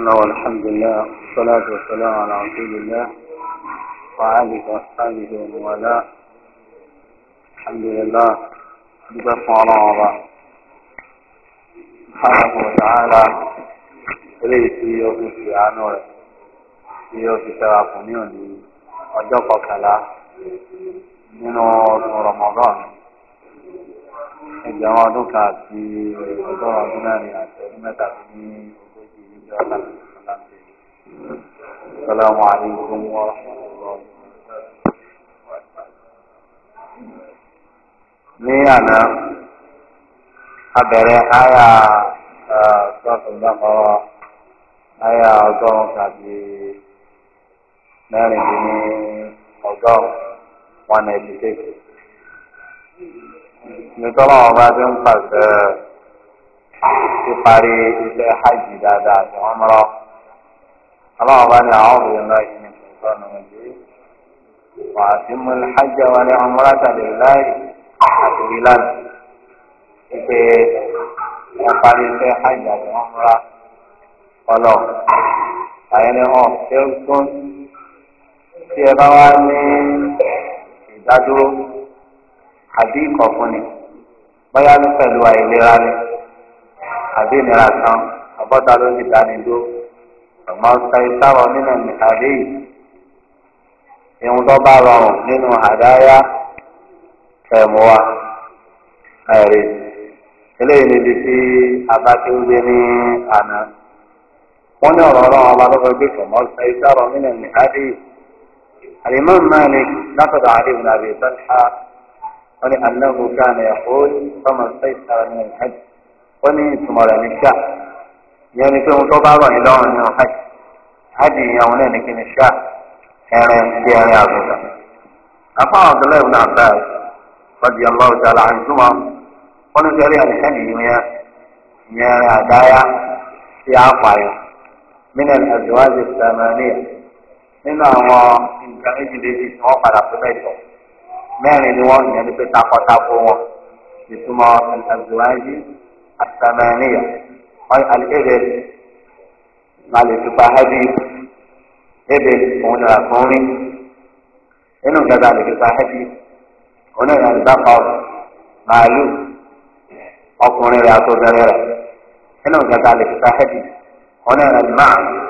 الله والحمد لله والصلاة والسلام على رسول الله وآله وأصحابه ومن والاه الحمد لله dúpẹ́ fún ọlọ́run ọba subhanahu wa ta'ala eléyìí tí ó fi fi àánú rẹ̀ tí ó fi tẹ́ra kù ní òní ọjọ́ kọkànlá nínú ọdún Ramadan ẹgbẹ̀rún ọdún kan àti ọgọ́rùn-ún ọdún mẹ́rin àti ọdún mẹ́ta ní. السلام عليكم ورحمة الله ní àná abẹ̀rẹ̀ àyà sọ́ọ̀tún dákọ̀ọ́ àyà ọgọ́rùn tàbí mẹ́rin dín ní ọgọ́rùn one ninety six nítorí àwọn ọba ìparí iṣẹ́ hajj dáadáa àti ọmọrọ ọlọ́run bá ní àwọn obìnrin náà yìí ní kòtò ọ̀nà ìdí wà á ti mú hajj wa ní ọmọrọ tàbí láì àti ìlànà ìpè ìparí iṣẹ́ hajj àti ọmọrọ ọlọ àyẹnì hàn ṣé ó tún tí ẹ bá wá ní ìdádúró àbí ìkọ̀fúnni bóyá ní pẹ̀lú àìlera ni. àbí ìnira kan àbọ́ta ló ti dánidó ọ̀gbọ́n sáyẹ́sáwọ̀ nínú àdé yìí ìhun tó bá rọrùn nínú àdáyá ẹ̀mú wa eléyìí níbi tí abáké ń gbé ní àná wọ́n ní ọ̀rọ̀ ọlọ́run ọba gbé fọ̀mọ́ nínú àdé yìí ó ní ìtumọ̀ rẹ̀ ní ṣá ìyẹn ni pé ohun tó bá rọ̀ yín lọ́rùn nínú hajj hajj ìyẹn òun náà ní kí ni ṣá ẹrin bí ẹrin àgùntàn. àpá Abdullahi ibn Abbas rọ̀bì ọlọ́run ti àlà àìsùnmọ̀ ó ní sẹ́rí àlìkẹ́ni yìí yẹn ìyẹn ẹrin àdáyá sí àpàyọ mínà àdúrásì sàmánìyà nínú àwọn nǹkan méjìlélẹ́jì tí wọ́n padà fún mẹ́tọ̀ mẹ́rin ni wọ́n yẹn ní pé takọ́tako wọn ìtumọ̀ àdúrásì. الثمانية أي الإبل مع الإتفاهدي إبل هنا أخوني إنه جزا الإتفاهدي هنا ينزقر مالو أخوني يا سوزريرا إنه جزا الإتفاهدي هنا المعن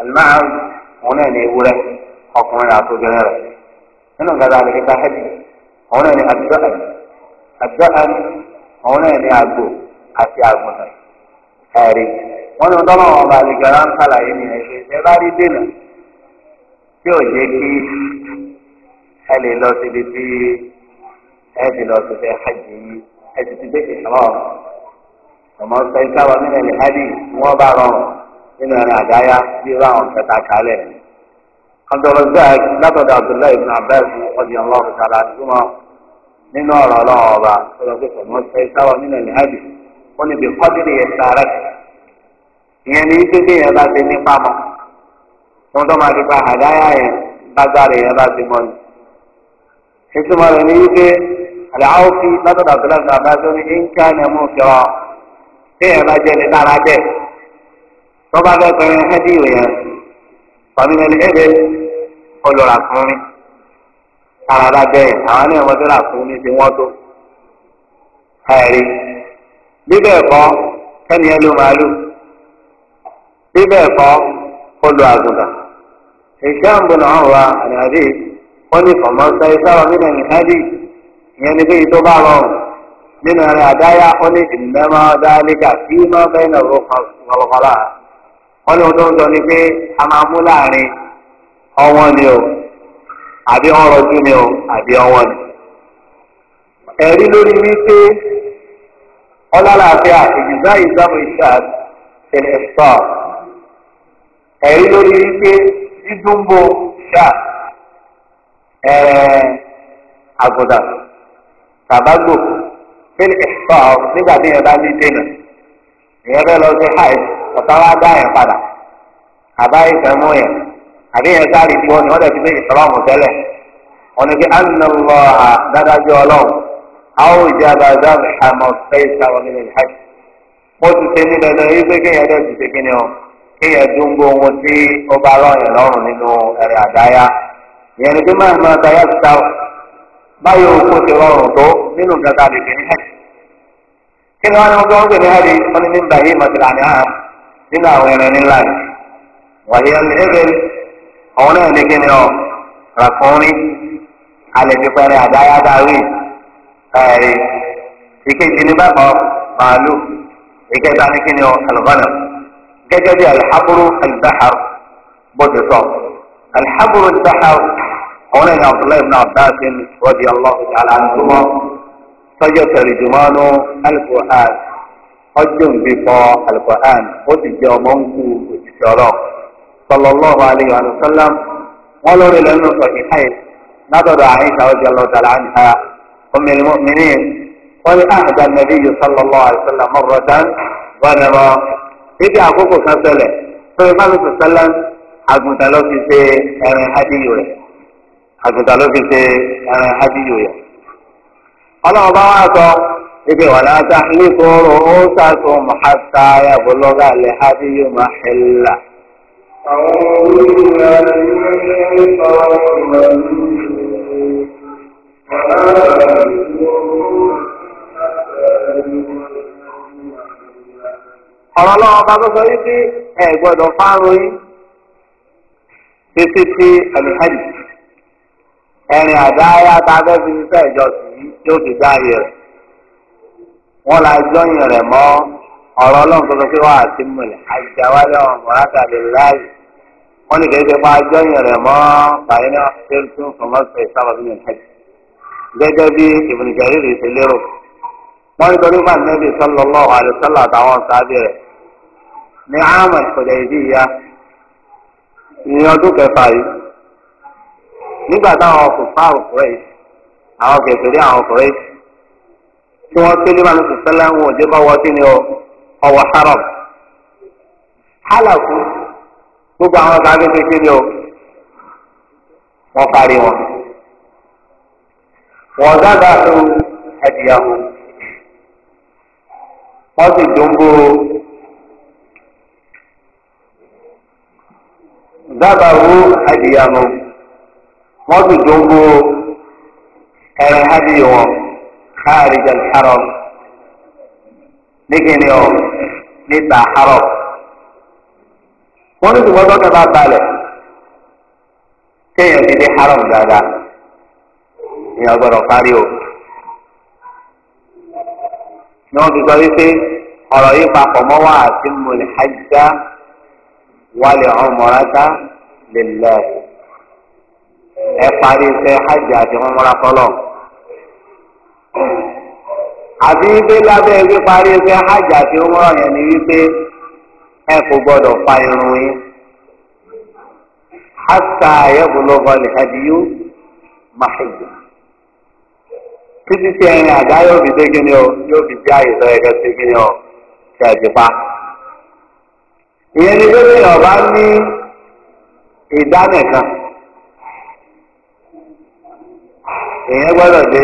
المعن هنا نيولة أخوني يا سوزريرا إنه جزا الإتفاهدي هنا نأجأل أجأل هنا نأجأل àti àgùntàn ẹ̀rí wọ́n ní tọ́lọ́ wọn bá lè gbẹ̀rẹ̀ ń sàlàyé ní ẹ̀ṣẹ̀ ẹ bá rí dènà tí ò jẹ́ kí ẹ lè lọ síbi tí ẹ ti lọ sí fẹ́ hajj yìí ẹ ti ti bẹ́ẹ̀ sọ̀rọ̀ ọmọ sẹ́ńtà wa nílẹ̀ ní hajj wọ́n bá rọrùn nínú ẹran àdáyá bí irú àwọn kẹta nínú ọ̀rọ̀ ọba tó wọ́n ni bí kọ́dìrì yẹn ìyẹn ní pípé yẹn bá ti ní pamọ́ wọ́n tó máa àdáyà yẹn yẹn bá ti ni ìtumọ̀ rẹ̀ ní wípé àlàáwò fi látọ̀dọ̀ àbúlá ní ní íńkà ní ẹmú ìfẹ́wà tí yẹn bá jẹ́ ní lára bẹ́ẹ̀ tó bá fẹ́ pẹ̀lú ẹ́díò yẹn fún mi bíbẹ̀ kọ́ kẹ́niyẹn ló màálù bíbẹ̀ kọ́ kó lo àgùntàn bò náà wà àdàdé wọ́n ní fọmọsá ní bí tó bá rọrùn nínú rẹ àdáyà wọ́n ní ìnáwó dáálíkà kí má bẹ́ẹ̀ náà wọ́n wọ́n a máa mú ọlọ́láàfíà ìjìzá abịa ìṣáà tẹ̀lẹ̀ isa ẹ̀rí lórí wípé dídúnbò ṣáà ẹ̀ẹ́ àgùdà tàbágbò tẹ̀lẹ̀ sọ nígbà tí yẹn bá ní dènà ìyẹn bẹ́ẹ̀ lọ sí háì ọ̀tá wá dá yẹn padà àbá أوجب ذبح ما استيسر من الحج mo ti ṣe ní dandan yìí pé kéèyàn ti ṣe o kéèyàn dúngbò ohun tí lọ́yìn lọ́rùn nínú ẹ̀rẹ̀ ni pé máa dáyà báyọ̀ ti rọrùn tó nínú a lè ní kí ni wọ́n ní wọ́n ní wọ́n ní yìí ní nínú àwọn ẹ̀rẹ̀ yìí ẹ̀rí ìkejì ní bàbá màálù ìkẹta ní kíni ọ alùbánà gẹ́gẹ́ bí alḥaburu albahar bọ́dẹ̀ sọ alḥaburu albahar àwọn ẹ̀yìn abdullahi ibn abbas radiyallahu ta'ala anhuma sọ́jọ́ tẹ̀lẹ́dùmọ́nù alquran ọjọ́ ń bí fọ́ alquran ó sì jẹ́ ọmọ ń kú òṣìṣẹ́ ọlọ́ alayhi wa sallam wọ́n lórí lẹ́nu sọ̀kì káyìn látọ̀dọ̀ àyíṣà radiyallahu ta'ala anha أم المؤمنين قال أهدى النبي صلى الله عليه وسلم مرة غنما إذا أقوكو كنسلة فإما صلى الله عليه وسلم أقول تلوكي سي أنا هديوه أقول تلوكي سي أنا هديوه قال أبعاته إذا ولا تحلقوا رؤوسكم حتى يبلغ الهدي محله أعوذ بالله من الشيطان الرجيم ọ̀rọ̀ lọ́wọ́ bá tó sọ yí pé ẹ gbọ́dọ̀ fáró yín títí tí ẹ̀rìn àdáyá tá a fẹ́ fi iṣẹ́ ìjọsìn yìí yóò fi dáyé rẹ̀ wọ́n la jọyìn rẹ̀ mọ́ ọ̀rọ̀ ọlọ́run tó sọ pé wà múlẹ̀ àjàwálẹ̀ ọ̀hún látàlẹ̀ láàyè wọ́n ní kẹ́kẹ́ bá jọyìn rẹ̀ mọ́ bàyẹ́ náà ṣe tún fọmọ́sẹ̀ sábà bí mi gẹ́gẹ́ bí Ibn Jarir ṣe lérò wọ́n ní torí máa nẹ́bí sallallahu alaihi wasallam àtàwọn sábẹ́ rẹ̀ ní ìdí ìyá ọdún kẹfà yìí nígbà táwọn yìí àwọn kẹfìrí àwọn yìí tí wọ́n tẹ́lẹ̀ máa sẹ́lẹ̀ ń wọ́n sí ni ọwọ́ haram gbogbo àwọn ọ̀gá وذبحوا هديهم wọ́n sì dúnbò dábàáwó àdìyàmó wọ́n sì dúnbò ẹ̀rìn hádìyà wọn kharij al-haram nígbìnrin ọ̀ haram wọ́n ní ìwọ́n tó kẹ́ bá balẹ̀ kéèyàn ti dé haram dáadáa. èèyàn gbọ́dọ̀ parí o. ni wọ́n fi sọ wípé ọ̀rọ̀ yìí papọ̀ mọ́ wà àti mọ̀lẹ́ hajjá wálé ọmọrata lè lọ ẹ parí iṣẹ́ hajj àti ọmọra fọlọ́ àti wípé lábẹ́ wípé parí iṣẹ́ hajj àti ni wípé ẹ kò hasa títí tí ẹyin àdá yóò fi dégé ni o yóò fi jẹ àyè sọ ẹgẹ sí kíni o kí ẹ ti pa. ìyẹn ni gómìnà ọba ní ìdánìkan èèyàn gbọ́dọ̀ dé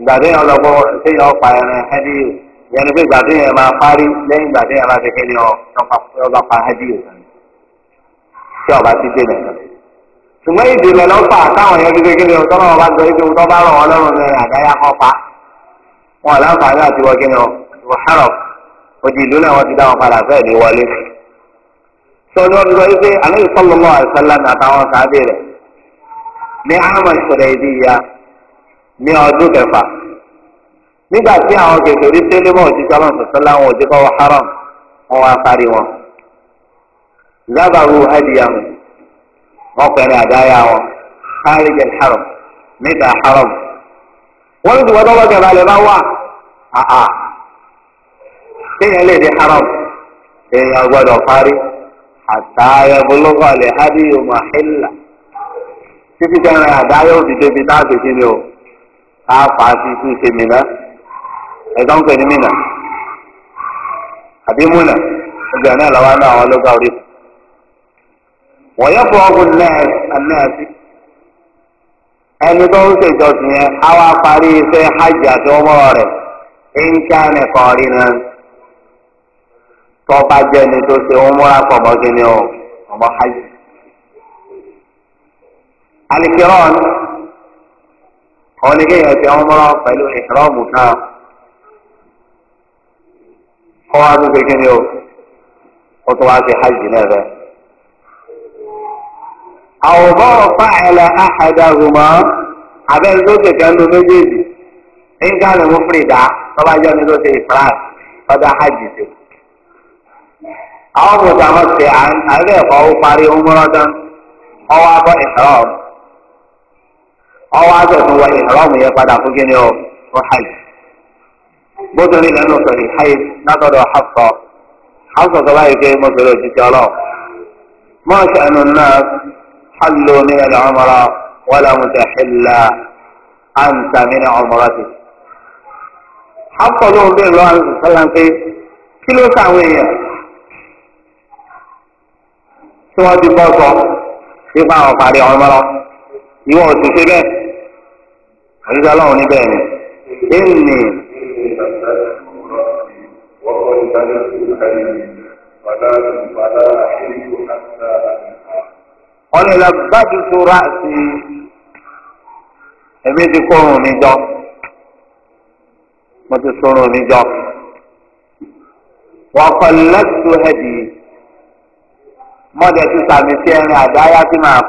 ìgbà téèyàn lọ́gbọ́ téèyàn pa ẹran ẹdí o ìyẹn ni pé ìgbà téèyàn máa parí lẹ́yìn ìgbà téèyàn máa ṣe kíni o ọba pa ẹdí o tí ọba ti dé nìkan. ṣùgbọ́n ìdènà ló fà táwọn èèyàn gbígbé kíni ọ̀tọ́ náà wọ́n bá gbé ibi tó bá rọ̀ wọ́n lọ́rùn kan pa wọn àlàǹfààní àti wọ kíni ọ̀ ṣàrọ̀ òjì ìlú náà wọ́n ti dá wọn padà fẹ́ẹ̀ ní wọlé. sọ ni wọ́n ti sọ àtàwọn rẹ̀ ní ìṣẹ̀lẹ̀ ìdí ìyá ní ọdún kẹfà nígbà tí àwọn wọ́n ya àdáyà wọn kárìjẹ haram níta haram wọ́n ti wọ́n tọ́wọ́ jẹba lè ya wà àà téèyàn haram téèyàn gbọ́dọ̀ parí àtàyẹ bolókọ̀ lè le yòmà hílà títí kẹrin àdáyà òbí débi tá a ti o wọ̀nyẹ́fọ̀ọ́gù nẹ́ẹ̀sì ẹni tó ń ṣèjọsìn yẹn á wá parí iṣẹ́ hajj àti ọmọ rẹ̀ nǹkan nìkan rí náà tọ́ba jẹ́ ni tó ṣe ń múra pọ̀ mọ́ o ọmọ hajj. alikiron ọ̀nì kéèyàn ti ọmọ pẹ̀lú kọ́ tó ṣe o ó tó wá ṣe hajj náà àwòbọ̀ fáìlà àhàdàgùmá abẹ́rẹ́ tó ṣe kẹ́ńdó méjèèjì nǹkan lè mú fìdá tọ́ba jẹ́ ní ló ṣe ìfran ọjà hajj ṣe. àwọn mùsùlùmí àwọn ṣe àárẹ̀ ẹ̀kọ́ ó parí ọmọrọ́dán ọwọ́ abọ́ ìṣòro ọwọ́ abẹ́ tó wọ ìṣòro ọmọ yẹn padà fún kíni ó hajj. bó ní lẹ́nu sọ̀rọ̀ ìhayé látọ̀dọ̀ Hafsa Hafsa tó báyìí pé mo حلوا من العمر ولا متحلا أنت من عمرتك حق لهم بيه الله عليه وسلم في كيلو سعوية سوى تباطع يقع وفعلي عمرة يوعد في بيه وإذا لوني بيني إني وقل بلغت الحديث فلا فلا أحل حتى wọ́n ní lọ gbádùn tó rà sí èmi ti kórun mi mo ti sórun mi wọ́n kọ́ lẹ́tù hẹ́dì mọ́dẹ̀ ti sàmì sí ẹni àdáyá o tí màá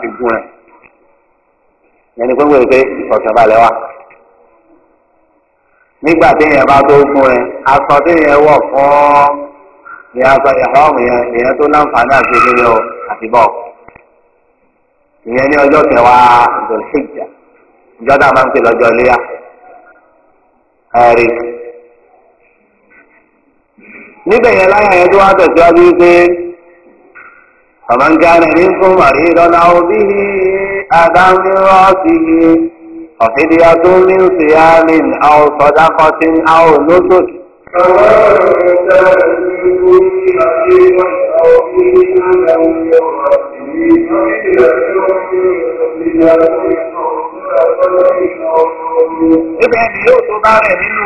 ti gún ẹ̀ nígbà téèyàn bá tó fún ẹ aṣọ téèyàn wọ̀ fún ní aṣọ ìhọ́ọ̀mù èèyàn tó láǹfààní àti ìdílé o àti ìyẹn ní ọjọ́ kẹwàá máa ń pè lọ́jọ́ ẹ̀rí níbẹ̀ yẹn láyà yẹn tó wá tẹ̀síwájú pé ní fún màrí ففدية من صيام أو صدقة أو نسك Ibẹ̀ ni yóò tó bá rẹ̀ nínú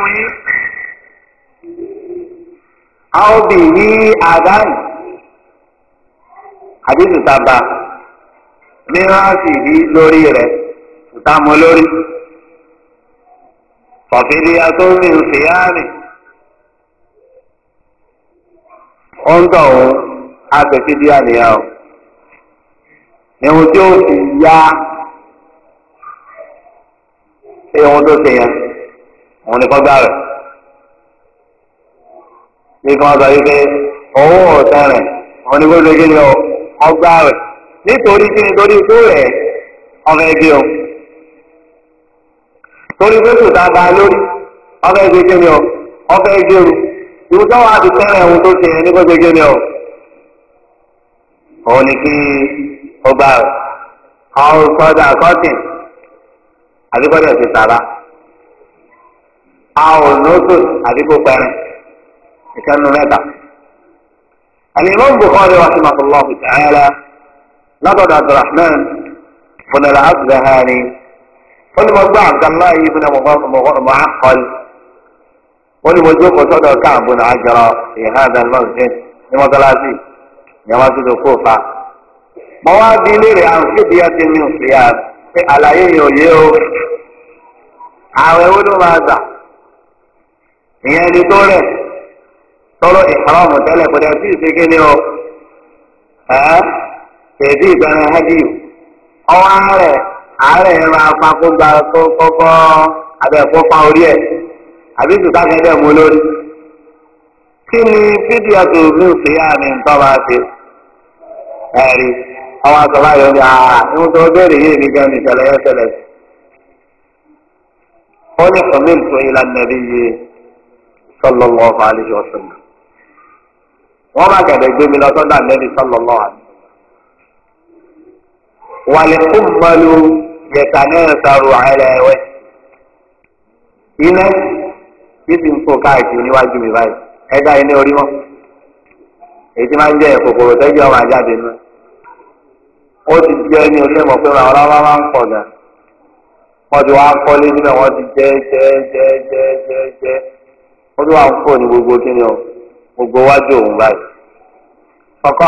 A ó mìíràn sì ní lórí rẹ̀. táàmù lórí fàfidí atómi nfìyàmì ó ń tọ̀ ọ́ àtẹ̀sídìí àníyá o ìhun tí ó fi ya ìhun tó ṣe yẹn òun ni kọ́gbà rẹ̀ bí kan sọ wípé owó ọ̀sẹ̀ rẹ̀ òun ni gbọ́dọ̀ kí ni ọgbà rẹ̀ nítorí kí ni torí ikú rẹ̀ ọmọ ẹgbẹ́ o. torí pé kò dáadáa lórí ọfẹ́ ọ kí ni ọ ọfẹ́ gẹrù ìwúsọ wa ti tẹ́lẹ̀ ohun tó ṣe ní gbọ́dọ̀ gé ni ọ. òun kí ọgbà ọrùn kọ́tìn àbí ti tààrà àwọn lóṣù àbí kó pẹrẹ ìkànnì mẹ́ta. wọ́n ní mo gbọ́ àgbàlá yìí bí mo Onu wọ́n ní mo jókòó sọ́dọ̀ káàbù náà àjọrọ̀ ìhádà lọ́sìn ní mọ́tàlásì ìyàwó fa. mo wá bí léèrè àrùn síbi ẹ ti pé àlàyé ò yé o ààrẹ wo máa gbà ìyẹn ẹni tó rẹ̀ tọ́lọ́ ìhàrọ̀mù tẹ́lẹ̀ kò dẹ̀ sí ni o ẹ̀ẹ́ ìgbàlẹ̀ hajj àárẹ̀ yẹn máa pa kó kọ́kọ́ abẹ́ pa orí ẹ̀ àbí sùkà kẹ́kẹ́ mú lórí. kí ni fídíò tó ní ìfìyà mi ń tọ́ba ṣe ẹ̀rí ọwọ́ àtọ́lá yóò ní àá ìwọ́n tó bẹ̀rẹ̀ mi gan ó ní yé wọ́n bá gbé mi lọ sọ́dọ̀ wàlẹ̀ kó yẹtanẹ́ẹ̀sàrò àìlẹ̀ ẹ̀wẹ̀ ilẹ̀ títí ń fò káàkiri níwájú mi báyìí ẹ̀dá ilé orí mọ́ èyí tí máa ń jẹ́ kòkòrò tẹ́jú ọmọ àjáde nù ó ti jẹ́ ní orí ẹ̀mọ́ pé màá ọlọ́wọ́ máa ń pọ̀ gà wọ́n ti wá kọ́lé ti jẹ́ jẹ́ jẹ́ jẹ́ jẹ́ jẹ́ ó ti wá ń fò ní gbogbo ni o gbogbo wájú òun báyìí ọkọ.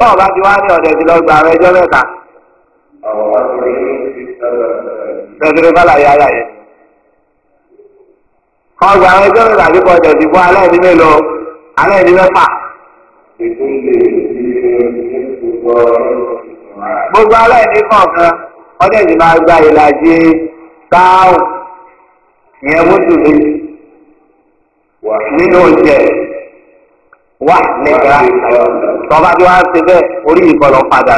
báwo bá ti wá ní ọ̀dẹ̀ ti lọ gba àwọn ẹjọ́ mẹ́ta. bá láyé ara yẹn. kọ́ gba àwọn ẹjọ́ mẹ́ta ọ̀dẹ̀ ti alẹ́ ní mélòó alẹ́ ní mẹ́fà. gbogbo alẹ́ gba ìlàjì táwọn mú wá nìkan tọ́ba tí wàá ṣe bẹ́ẹ̀ orí ìkọlọ padà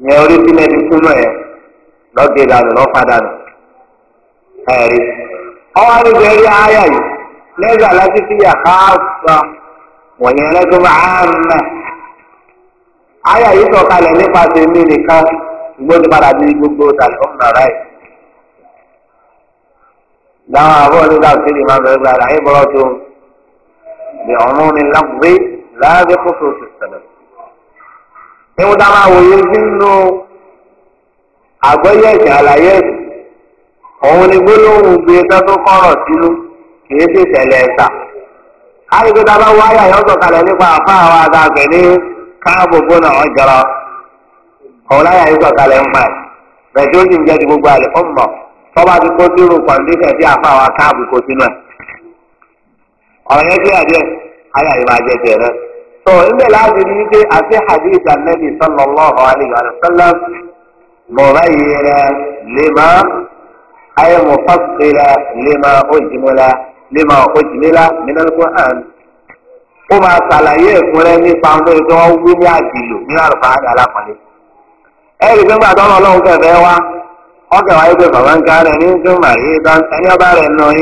nù yẹn orí sílẹ̀ ti kúnú ẹ̀ lọ́gẹ̀ ìdànù lọ́ padà nù ẹ̀rí. ọwọ́ àdìgbò ẹ̀rí ayà yìí láti fi yà máa ń nà. ayà yìí nípasẹ̀ mí nìkan ti padà gbogbo dáhùn àbọ̀ nígbà tí bọ́lá tó ń. بعموم اللفظ لا بخصوص السبب ewu tá a máa wòye sí nínú àgbẹ̀yẹ̀ ẹ̀sìn àlàyé ẹ̀sìn òun ni gbólóhùn gbé tán tó kọ̀rọ̀ kìí sì tẹ̀lé a bá wáyà yọ̀ sọ̀kalẹ̀ nípa àfa àwọn àgbàgbẹ̀ ní káàbò gbóná ọ̀jọ̀rọ̀ ọ̀la yà ya ọ̀rọ̀ yẹn jẹ́ àjẹ́ ayé àyè máa jẹ́ jẹ́ náà. tó níbẹ̀ láti rí i àti hadith anabi sallallahu alayhi wa sallam mọ̀ráyìíra lèmọ́ ayé mọ̀fásìlá lèmọ́ ojìmọ́lá lèmọ́ ojìmílá minal Qur'an. ó máa ṣàlàyé ẹ̀kúnrẹ́ nípa ọdún tó wú ní àjìlò ní ẹ rí i pé ọlọ́run wa ọkẹ́ bàbá ń rẹ̀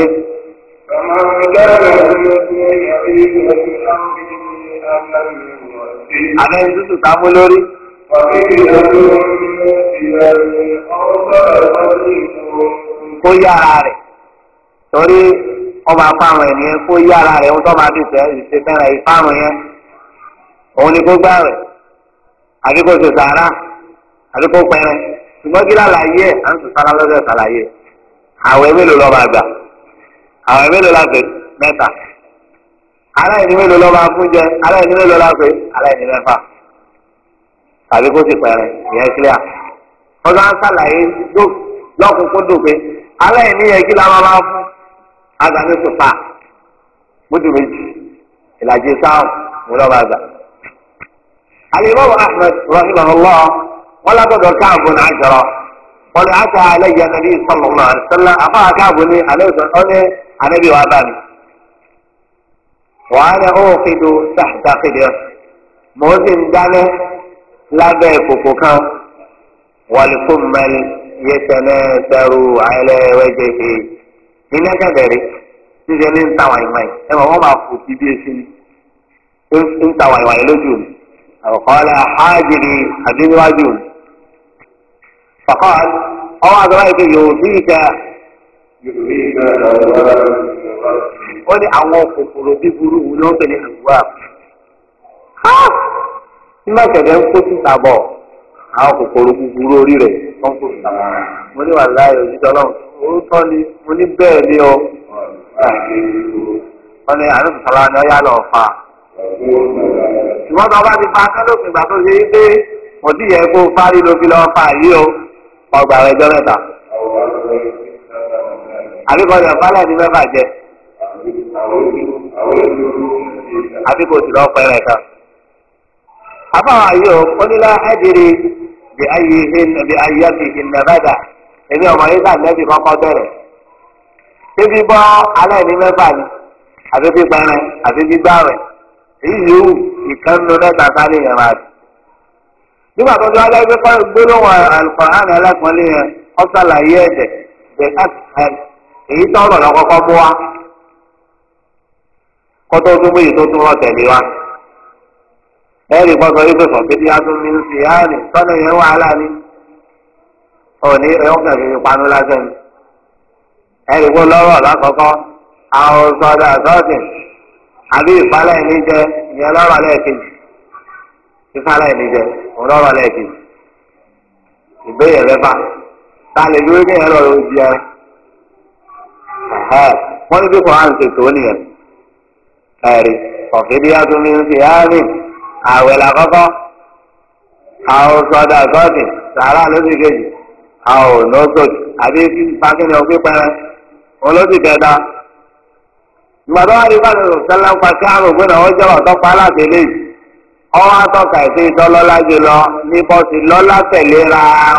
Àmẹ́ ìtútù ká mú lórí. Kó yára rẹ̀. Torí ọba fáwọn ènìyàn kó yára rẹ̀ ń tọ́ máa dùn sẹ́ ìṣe fẹ́ràn ìfáwọn yẹn. Òun ni kó gbà rẹ̀. Àdúgbò ṣe sàárà. Àdúgbò pẹrẹ. Ṣùgbọ́n kí lálàyé ẹ̀ à ń sùn sára lọ́sẹ̀ sàlàyé. Àwẹ̀ mélòó lọ́ba àgbà? àwọn mélòó la pè mẹ́ta aláìní mélòó lọ máa ala aláìní mélòó la pè aláìní mẹ́fà tàbí kó ti pẹ̀rẹ̀ ìyẹn clear wọ́n sàlàyé lọ́kùnkúndùn pé aláìní yẹn kí la máa fún agbami pupa mudu méjì ìlàjì sáà mo lọ́ba àgbà. alimami ahmed rahimahullah wọn káàbù náà jọrọ wọn ni àti àlẹ́ yẹn nàbí sọlọ́mù náà anabi wa bá mi wàhálà òkèdò sàtàkìdìọ mò ń sì ń dáná lábẹ́ ìkòkò kan wàlùkù mẹ́lì yẹsẹ̀lẹ̀ sẹ́rù àìlẹ̀ wẹ́jẹ̀ ṣe iná gàdẹ̀rẹ̀ níṣẹ́ ní ń ta wàyíwàyí ẹ mọ̀ wọ́n máa fò sí bí eṣin ní ń ta wàyíwàyí lójú mi àwòkọ́lá hájìrì àbí níwájú mi. fàkọ́ ọwọ́ àgbà báyìí pé yòó wọ́n ní àwọn kòkòrò bíburú wù ní wọ́n pè ní àgbà. nígbà kẹ̀kẹ́ ń kó síta bọ̀ àwọn kòkòrò búburú orí rẹ̀ tó ń kó síta mo ní wàhálà òjijì ọlọ́run orúkọ ni mo ní bẹ́ẹ̀ ni o. wọ́n ní àlùfù sọ̀rọ̀ ni ọ̀yá lọ fa. ṣùgbọ́n tó bá ti fa akẹ́lòpin ìgbà tó ṣe é pé mọ̀tí yẹ kó parí ló lọ́ọ́ fa yìí o. ọgbà rẹ̀ jọ́ mẹ́ta. àbíkọ̀dọ̀ fálàdì mẹ́fà jẹ àbíkọ̀ òsì lọ́ọ́ pẹ́rẹ́ kan. afáwọn ayé o onílá ẹ̀dìrì bí ayé bí ayé fi ìnàbàdà èmi ọmọ yìí sàn lẹ́bi kọ́kọ́ bẹ̀rẹ̀ síbi bọ́ aláìní mẹ́fà ni àbí pípẹ́rẹ́ àbí gbígbàwẹ̀ èyí yòówù ìkànnù mẹ́ta sáré yẹn máa dùn nígbà tó dúró alẹ́ gbé gbólóhùn àlùkò èyí tọrọ lọ kọ́kọ́ bó wa kótó tó gbéyìí tó tún rọ tẹ̀lé wa ẹ̀rí kan sọ wípé fọ̀kìtì atúnmí ń fi áàrì tọ́lẹ̀ yẹn wàhálà ni òní ẹ̀yọ́kàn fi panu lásán ẹ̀rí kó lọ́rọ̀ lákọ̀ọ́kọ́ àwọn sọdọ̀ àtọ́sìn àbí ìpalẹ̀ níjẹ ìyẹn lọ́rọ̀ lẹ́ẹ̀kejì ìpalẹ̀ níjẹ òun lọ́rọ̀ lẹ́ẹ̀kejì ìbéèrè rẹ fà tá a lè dúró ní ẹ̀rọ wọ́n ní kò hàn ṣe tó nìyẹn ẹ̀rí ọ̀fẹ́díyàtò ń ṣe áàmì àwẹ̀ làkọ́kọ́ àwọn sọdà sọ́ọ̀tì sàrà lóṣù kejì àwọn àbí ní ń pa kí ògbónà wọn jẹ́ ọ̀tọ́ pa ọwọ́ ẹ̀sìn ìtọ́lọ́lá jù lọ ní lọ́lá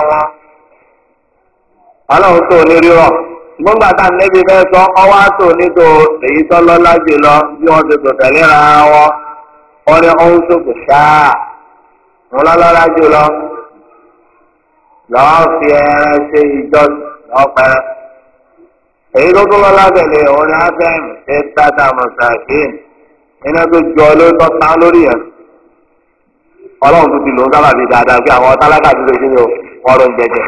wọn ọlọ́run tó mọ́gbà tá nẹ́bí fẹ́ sọ ọwọ́ àtò nítò èyí tó lọ́lá jùlọ bí wọ́n ti tòtẹ̀ léra wọn wọ́n ní ọ̀hún tó kò ṣáà wọ́n lọ́lá jùlọ lọ́wọ́ fi ẹran ṣe ìjọsìn lọ́wọ́ èyí tó tó lọ́lá tẹ̀lé òun ni ábẹ́ẹ̀mù ṣe tata mọ̀sáàkín iná tó jọ lórí tó tán lórí yẹn. ọlọ́run tó ti lò ó sábàbí dáadáa bí àwọn tálákà tó ti ṣe ní ọ̀rọ̀ jẹjẹrẹ.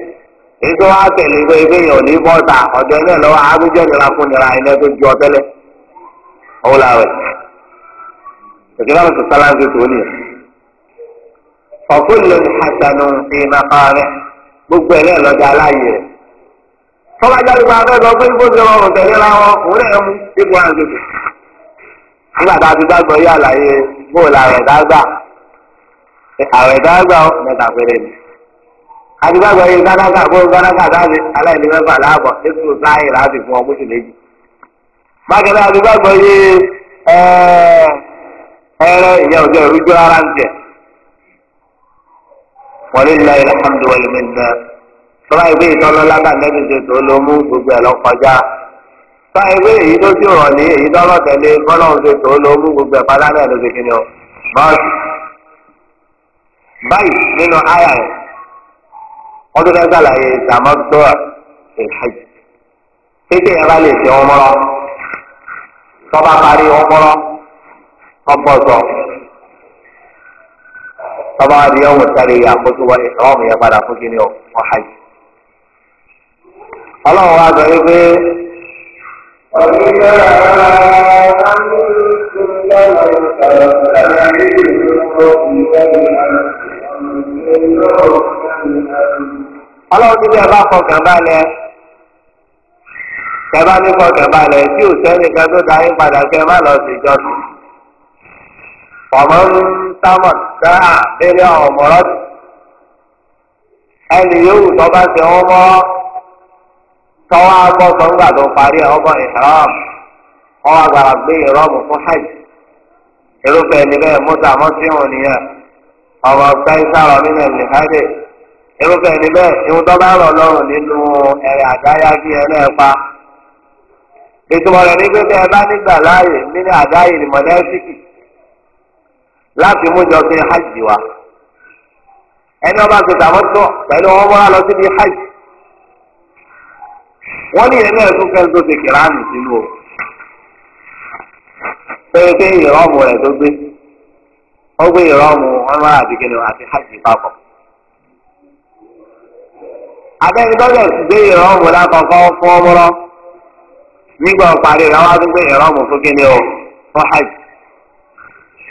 ètò wa tẹ̀lé pé pé yẹn ò ní bọ́ta ọ̀dọ̀ ẹ̀ náà lọ́wọ́ agbẹjọ́ nira fún nira ẹ̀yìn tó ju ọtẹ́lẹ̀ ọwọ́ làwẹ̀ ìgbìmọ̀ tó sálá ń tètè wọlé ọ̀kú lè hasanu ìnàfà rẹ̀ gbogbo ẹ̀ náà lọ́jà aláyè rẹ̀ tọ́lá jáde pa afẹ́ lọ pé bó ṣe rọrùn tẹ̀lé ra wọn òun náà mú ipò à ń nígbà tá a ti dágbọ́ yé àlàyé bóòlù àwẹ̀dágbà àwẹ̀dágbà mẹ́ta péré ni àdìgbàgbọ́ yìí kánákà fún kánákà láti aláìní mẹ́fà láàbọ̀ ètò sáyìn láti fún ọmọ oṣù méjì. bákẹ́lẹ́ àdìgbàgbọ́ yìí ẹ̀rẹ́ ìyá òjò ìrújú ara ń tẹ̀. wọlé ilẹ̀ ìlàkàndó wọlé mẹ́ta tọ́lá ìwé ìtọ́lọ́ lábà nẹ́bí ṣe tó ló mú gbogbo ẹ̀ lọ kọjá. tọ́lá ìwé èyí tó ti rọ̀ ní èyí tọ́lọ́ tẹ̀lé kọ́lọ́ wọ́n tó fẹ́ sàlàyé tamattu'a fil hajj pété bá lè ṣe umra tọ́ba parí umra ọ̀pọ̀sọ̀ tọ́ba adìyẹ wò sáré yà kótó wọ ìsọ̀rọ̀mù yẹn padà fún kíni ọ̀ hajj. ọlọ́run wa sọ wípé. ọ̀gbìn náà ń ọlọ́run ti ní ẹ bá fọkàn balẹ̀ ẹ bá ní fọkàn balẹ̀ tí ò sẹ́nìkan tó darí padà kí ẹ má lọ sí ìjọsìn ọmọ ń támọ̀ sáà délé ọ̀mọ̀rọ̀ ẹnì yòówù tó bá ṣe wọn mọ́ tọ́wọ́ abọ́ sọ́ngbà tó parí ọmọ ìhàrọ́ọ̀mù wọn agbára gbé ìrọ́ọ̀mù fún hajj irúfẹ́ ẹni bẹ́ẹ̀ mọ́tà mọ́tì hàn nìyẹn. ọmọ sáísára nínú ẹ̀lẹ́kádé irúfẹ́ ẹni bẹ́ẹ̀ ihun tó bá rọ̀ lọ́rùn nínú ẹ̀rẹ̀ àdáyá bí ẹ náà ìtumọ̀ rẹ̀ ní pé bá nígbà láàyè nínú àdáyé láti mú jọ sí hajj wa. ẹni ọba pẹ̀lú wọn lọ síbi hajj. wọ́n ní fẹ́ tó ti sínú o. pé pé rẹ̀ tó gbé. Ọ gbé ìrọ̀rùn ọmọràn àti kí ni àti hajj papọ̀. abẹ́ni dọ́jọ́ sì gbé ìrọ̀rùn lákọ̀ọ́kọ́ fún ọmọrọ nígbà parí rẹ̀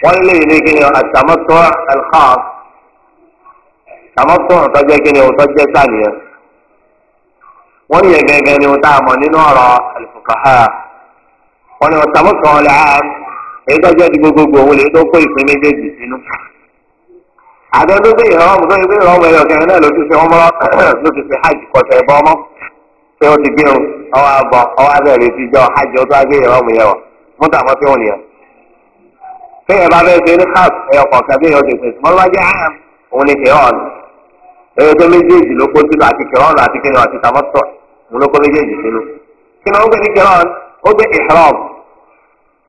wọ́n o o yẹ ni a nínú ìgbàjọ́ di gbogbogbò òun lè tó kó ìpín méjèèjì sínú. àjọ tó bí ìrọ̀rùn tó ìwé ìrọ̀rùn ẹ̀yọ̀ kẹrin náà ló ti fi ọmọ ló ti fi hajj kọsẹ̀ ẹ̀bọ ọmọ pé ó ti gbẹ̀rún ọwọ́ àbọ̀ ọwọ́ abẹ́rẹ́ ti jọ hajj ó tó á gbé ìrọ̀rùn yẹn wọ̀ fún tàmọ́ tí òun yẹn. pé ẹ̀ bá fẹ́ ṣe ní káàp ẹ̀yọ̀ kọ̀ọ̀kan bí ẹ̀yọ̀ ti pè sí mọ́lọ́jẹ́ àyàm òun ni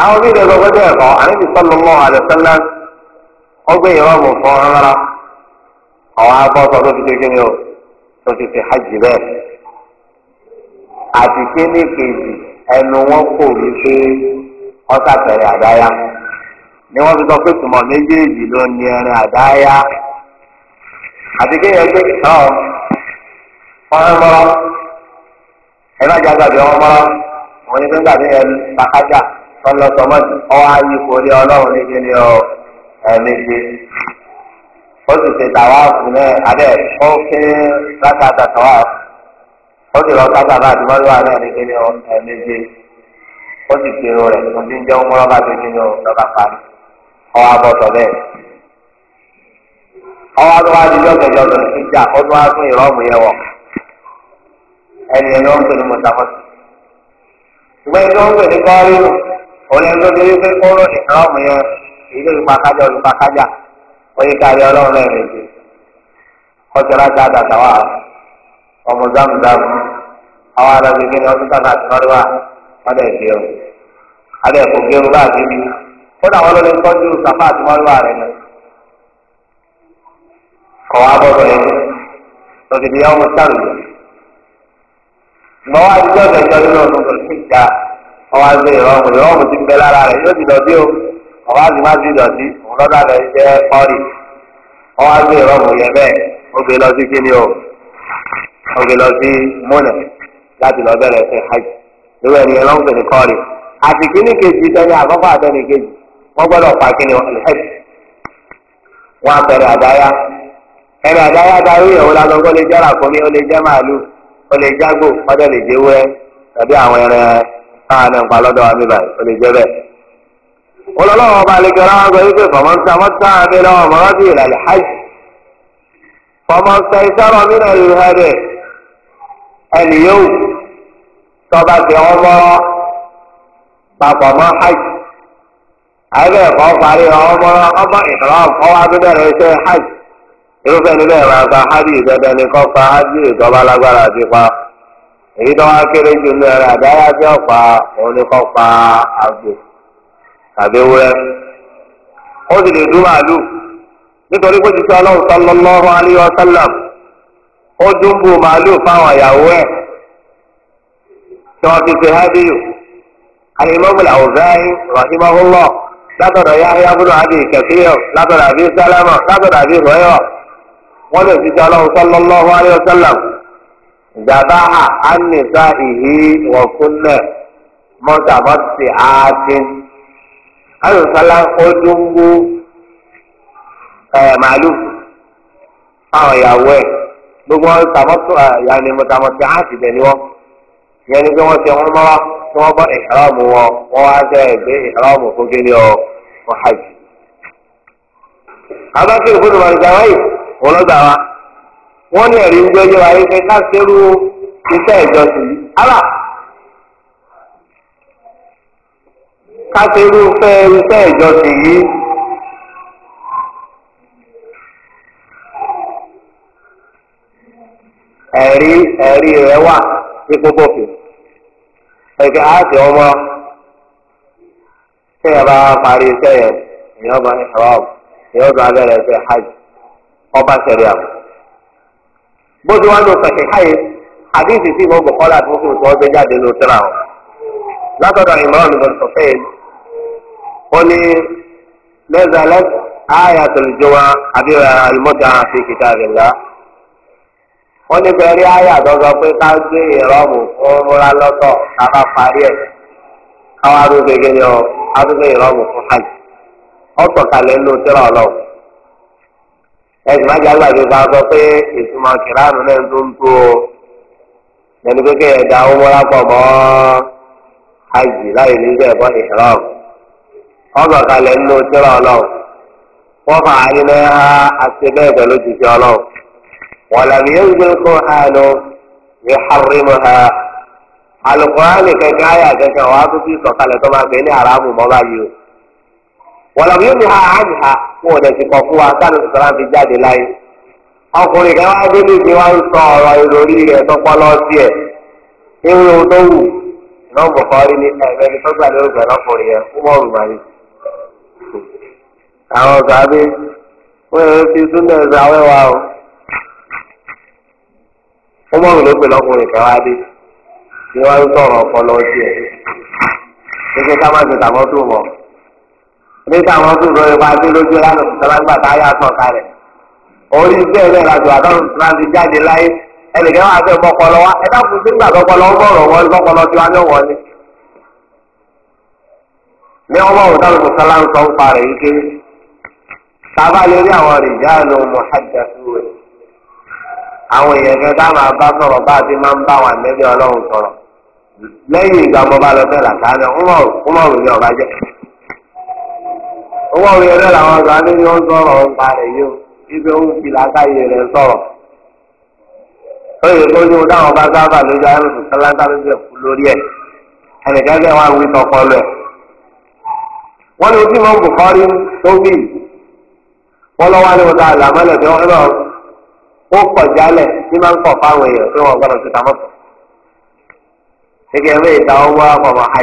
àwọn bí ìdọ̀dọ̀ gbọ́dọ̀ ẹ̀kọ́ àníbi sallallahu alaihi wasallam ọgbẹ́ ìrọ̀mù fún ọ̀rọ̀ àwọn abọ́sọ̀ tó ti dégé ní o tó ti fi hajj bẹ́ẹ̀ àti kíní kejì ẹnu wọn kò pé tẹ̀lé ni wọ́n fi sọ pé tùmọ̀ méjèèjì ló ní ẹrin àdáyá àti kéèyàn ọ̀ ẹ̀ má jẹ́ àgbàdo ọmọ ń ọlọ tọmọtì ọwọ ayé kórè ọlọ́run níbi ni ọ ẹ̀ẹ̀méje ó sì ṣe tàwa fún ó ó sì lọ bá náà níbi ni ọ ó sì ṣe irun rẹ lọ́ba parí bẹ́ẹ̀ tó wá ìjà ó onye ẹni tó ṣe wípé kóró nìkan ọmọ yẹn èyí ló fi pa kájà olùpa kájà oye kárí ọlọ́run lẹ́ẹ̀mejì ọmọ zámùzámù àwọn arábìnrin kí ni ọdún kan àti mọ́lẹ́wà wọ́n dẹ̀ fi ẹ̀wù alẹ́ kò gé irun bá àbíbí kódà sàfà àti rẹ̀ lọ́sibí ọwọ́ á gbé ìrọ̀mù ìrọ̀mù ti ń bẹ lára o má sí òun lọ́dà lọ jẹ́ pọ́ọ̀rì ọwọ́ á gbé ìrọ̀mù yẹn bẹ́ẹ̀ ó gbé lọ sí kíni o ó gbé lọ sí múnà láti lọ bẹ̀rẹ̀ ṣe hajj lórí ẹni yẹn lọ́nkùn ní kọ́ọ̀rì àti kíní kejì tẹ́lẹ̀ àkọ́kọ́ àtẹ́ni kejì wọ́n gbọ́dọ̀ pa kíni wọn àdáyá àdáyá darí ìyẹ̀wò lè jẹ́ ràkúnmí ó lè jẹ́ màálù ó lè káàánú ẹ̀ ń pa wa níbàyí ó lè jẹ́ bẹ́ẹ̀. olólùwọ̀n ọba àlejò ọlọ́wọ́n sọ wípé fọmọ́nsá mọ́tà mi lọ́wọ́ mọ́rọ́dì ìlàlẹ̀ hajj fọmọ́nsá ìsọ̀rọ̀ mi náà lè tọ́ba tẹ wọ́n èyí tó wá kéré jù lọ ẹ̀rọ àdáyà tí ó pa òun ni kò pa àgbò tàbí ewúrẹ́ ó sì lè dún màálù nítorí pé ti sọ ọlọ́run sallallahu alaihi wasallam ó dún bù màálù fáwọn ìyàwó ẹ̀ tí wọ́n fi ṣe hádìyù alimọ́bùl àwùzáyí rahimahullah látọ̀dọ̀ yahya bùnú àbí látọ̀dọ̀ àbí sálámà látọ̀dọ̀ àbí wọ́n ذبح عن نسائه وكن ihi alùsálà ọdúnwó ẹ màálù àwọn ìyàwó ẹ gbogbo wọn tàmọtò yàní mọtàmọtì àti bẹ́ẹ̀ ni wọn yẹn ni pé wọn ti wọn mọwá tí wọn bọ wọn ọ wọ́n ní ẹ̀rí gbé yé wa yé pé si yi, iṣẹ́ ìjọsìn yìí. ara ká ṣerú fẹ́ iṣẹ́ ìjọsìn yìí. ẹ̀rí ẹ̀rí rẹ̀ wà ní àti ọmọ tí ẹ bá parí iṣẹ́ yẹn ní ṣọ́ọ̀bù hajj ọba ṣẹlẹ̀ àbọ̀. bó ti wá ló sọ̀kè káyé àdéhùn sí ìmọ̀ bọ̀kọ́lá tó fún ìfọwọ́ gbé ló tẹ́ra wọn. látọ̀dọ̀ ìmọ̀ràn ló sọ fẹ́ ó ní nazalat ayatul juma àbí àlùmọ́tà fi kitabillah. wọ́n ní bẹ̀rẹ̀ àyà dọ́dọ̀ pé ká gbé fún múra lọ́tọ̀ ká bá parí ẹ̀ káwá ni ọ́ adúgbò fún hajj. ẹ̀sìn má jágbà tó ta sọ pé ìtumọ̀ kìláàmù náà tó ń tó o lẹ́nu pé kéèyàn da owó lápọ̀ mọ́ hajj láì ní bẹ́ẹ̀ bọ́ ìṣòro ọgbọ̀n kalẹ̀ nínú tíra O wọ́n fà á nínú ẹ̀ ha àti bẹ́ẹ̀ pẹ̀lú títí ọlọ́run wọ́n làbí yóò gbé kó ha ní harimu ha alukóra nìkan káyà kẹkẹ wàá tó ti sọ̀kalẹ̀ tó máa gbé ní haramu mọ́ báyìí o. wọ̀làbí yóò ha àmì ha wọn ò dẹ̀ ti kọ̀ fún wa sáà lóṣù sọ́lá fi jáde láyé. ọkùnrin kan wá délé ah, ni wọ́n sọ ọ̀rọ̀ ìròrí rẹ̀ tọ́pọ́ lọ sí ẹ̀. ewu ohun tó wù náà bọ̀kọ́ rí ní tó gbà lórí ìgbà lọ́kùnrin yẹn àwọn wọ́n yẹn fi súnmọ́ ẹ̀sẹ̀ o. ilé táwọn tó lọ ipa dé lójú lánàá ìtàlágbà tá a yà sọ kalẹ̀ orí bẹ́ẹ̀ bẹ́ẹ̀ lajú àtọ́run tí wọ́n ti jáde láyé ẹnìkan wà fẹ́ mọ́kọlọ wa ẹ dákun sí nígbà tọkọlọ ń wọn lọ́kọlọ tí wọ́n ní wọ́n ni. ní ọmọ òtá ló sọ láń sọ ń parẹ́ yìí kéré sábà lè rí àwọn rìjà ló mọ hajjá sí wẹ̀ àwọn èèyàn kan tá máa bá sọ̀rọ̀ bá a ti máa ń bá wà nẹ́bí ọlọ́run sọ̀rọ̀ lẹ́yìn ìgbà mo bá lọ fẹ́ làkàánà ń owó àwọn yẹn náà làwọn ọ̀gá ní wọ́n sọ̀rọ̀ ọ̀gá rẹ̀ yóò ibi òun fi làákàyè rẹ̀ sọ̀rọ̀ ó yẹ kó ní ọdáwọn bá sábà lójú ayé lóṣù tó lágbára bẹ kú lórí ẹ ẹnìkan bẹ wọn àwọn ìtọkọ lọ ẹ ní ojú ìmọ̀ bùkọ́rí tó bì wọn lọ́wọ́ ní ọ̀dà àlàmọ́lẹ̀ bí wọ́n lọ ó kọ̀ jálẹ̀ ní máa ń kọ̀ fáwọn èèyàn pé wọ́n gbọ́dọ̀ ti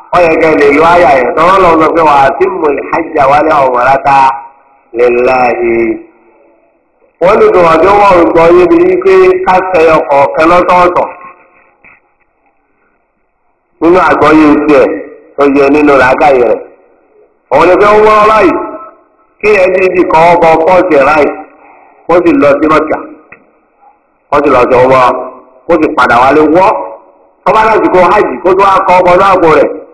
ọyẹ kẹ lè lo àyà yẹn tọrọ lọ sọ pé wàá tí mo lè hajjá wálé ọmọlá ta lè láàyè wọ́n lè dùn ọdún wọn gbọ́ yé mi wípé ká sẹyọ kọ̀ọ̀kan lọ́tọ̀ọ̀tọ̀ nínú tiẹ̀ tó yẹ nínú rẹ̀ ń wọ́n kí ráì kó sì lọ sí kó sì lọ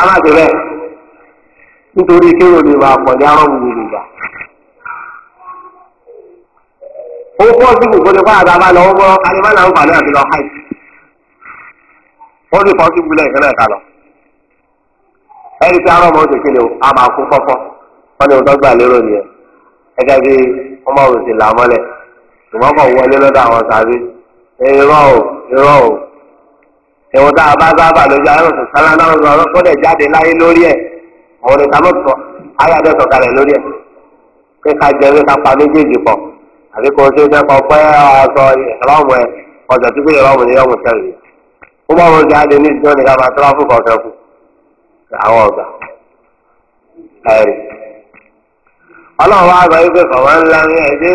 aláṣẹ bẹ́ẹ̀ nítorí kéwòn ní ìwà àpọ̀jù arọ́mù gbèrè gbà. ó pọ̀ sí kòkó ní pàdé àbá lọ wọ́n mọ́ alimá náà ń pàdé àti lọ háì. ó sì kọ́ sí gbúlẹ̀ ìfẹ́lẹ̀ ká lọ. ẹni tí arọ́mù ó ti o a máa kú wọ́n ní ọ̀dọ́gba lérò ẹ̀wọ̀n tá a bá sábà lójú àwọn ọ̀sán sálá náà lọ ọ̀rọ̀ kọ́lẹ̀ jáde láyé lórí ẹ̀ àwọn ọ̀rẹ́ táwọn sọ ayájọ́ sọ̀kalẹ̀ lórí ẹ̀ pé ká jẹ́ pé ká pa méjèèjì pọ̀ àbí kò ṣe é fẹ́ kọ pé ọ̀sọ̀ ìrọ̀mù ẹ̀ ọ̀sọ̀ tí kò ìrọ̀mù ni yọ̀mù sẹ́rì ó bá wọn jáde ní ìjọ nìkan máa tọ́lá fún kọ̀ọ̀kan fún àwọn ọ̀gá ọlọ́run wá sọ wípé kọ̀wé ńlá ní ẹ̀dẹ́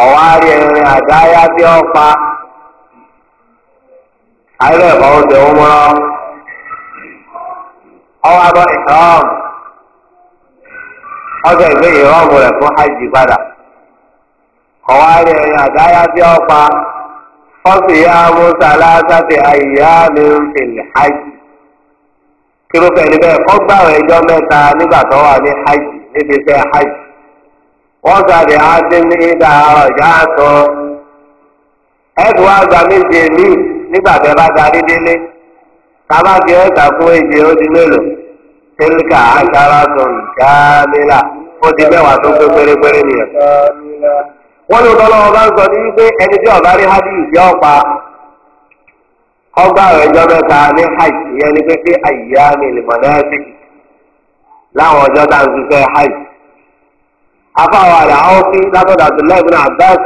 ọ̀wárí ẹ̀rin àdáyá bí ọ̀pá àìrẹ̀ ẹ̀kọ́ oúnjẹ òmùrọ̀ ọwọ́ abọ́ ìtọ́ọ̀mù ọjọ́ ìgbé ìrọ́ọ̀mù rẹ̀ fún hajj padà ọ̀wárí ẹ̀rin àdáyá bí ọ̀pá fọ́sì yá musa aláṣàtì àyíyá mi ń fìlẹ̀ hajj kí ló fẹ́ níbẹ̀ kọ́ gbàwé ẹjọ́ mẹ́ta nígbà tó wà ní hajj níbi hajj. wọ́sàdì ádìmí ìdá ọ̀já sọ ẹ̀dùn àgbà méje mí nígbà tẹ́ bá darí délé tábà fi ẹ̀ka fún èjì ọdún mélòó tẹ́líkà àṣàrà sọ̀rọ̀ kámílà ó di mẹ́wàá tó pé pérépéré nìyẹn. wọ́n ní ọ̀dọ́ lọ́wọ́ bá ń sọ ní wípé ẹni tí ọ̀bá rí hádì ọgbà mẹ́ta ní hajj ìyẹn ni pé kí àyíyá mi lè mọ̀ náà afáwọn àdáhọ́sí àwọn Abdullahi ibn Abbas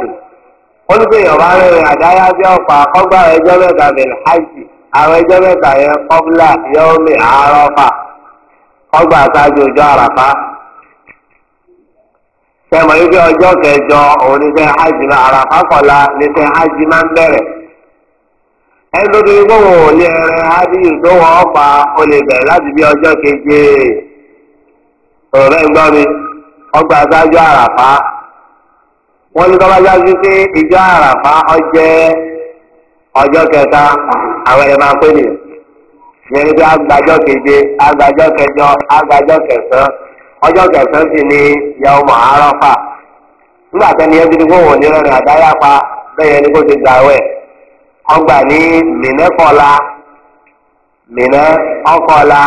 wọ́n ní pé yorùbá rẹ̀ rìn àdáyá bí ọ̀pá ọgbà ẹjọ́ mẹ́ta bẹ̀rẹ̀ hajj àwọn ẹjọ́ mẹ́ta yẹn kọ́bílà yọ́ọ̀mì àárọ̀fà ọgbà àṣáájú ọjọ́ àràfá. kẹjọ òun ní hajj ní hajj máa ń òní ẹrẹ tó mi. ọgbà àgbájọ àràfá wọ́n ní tọ́ba jáde sí ìjọ àràfá ọjẹ́ ọjọ́ kẹta àwọn ẹ̀rọ máa pé nìyẹn yẹn ní pé agbájọ́ keje agbájọ́ kẹjọ agbájọ́ kẹsàn ọjọ́ kẹsàn sì ni nígbà tẹ́ni rẹ̀ bẹ́ẹ̀ yẹn ni ti gbà wẹ̀ ọgbà ní mìnẹ́kọ̀ọ́la mìnẹ́ ọkọ̀ọ́la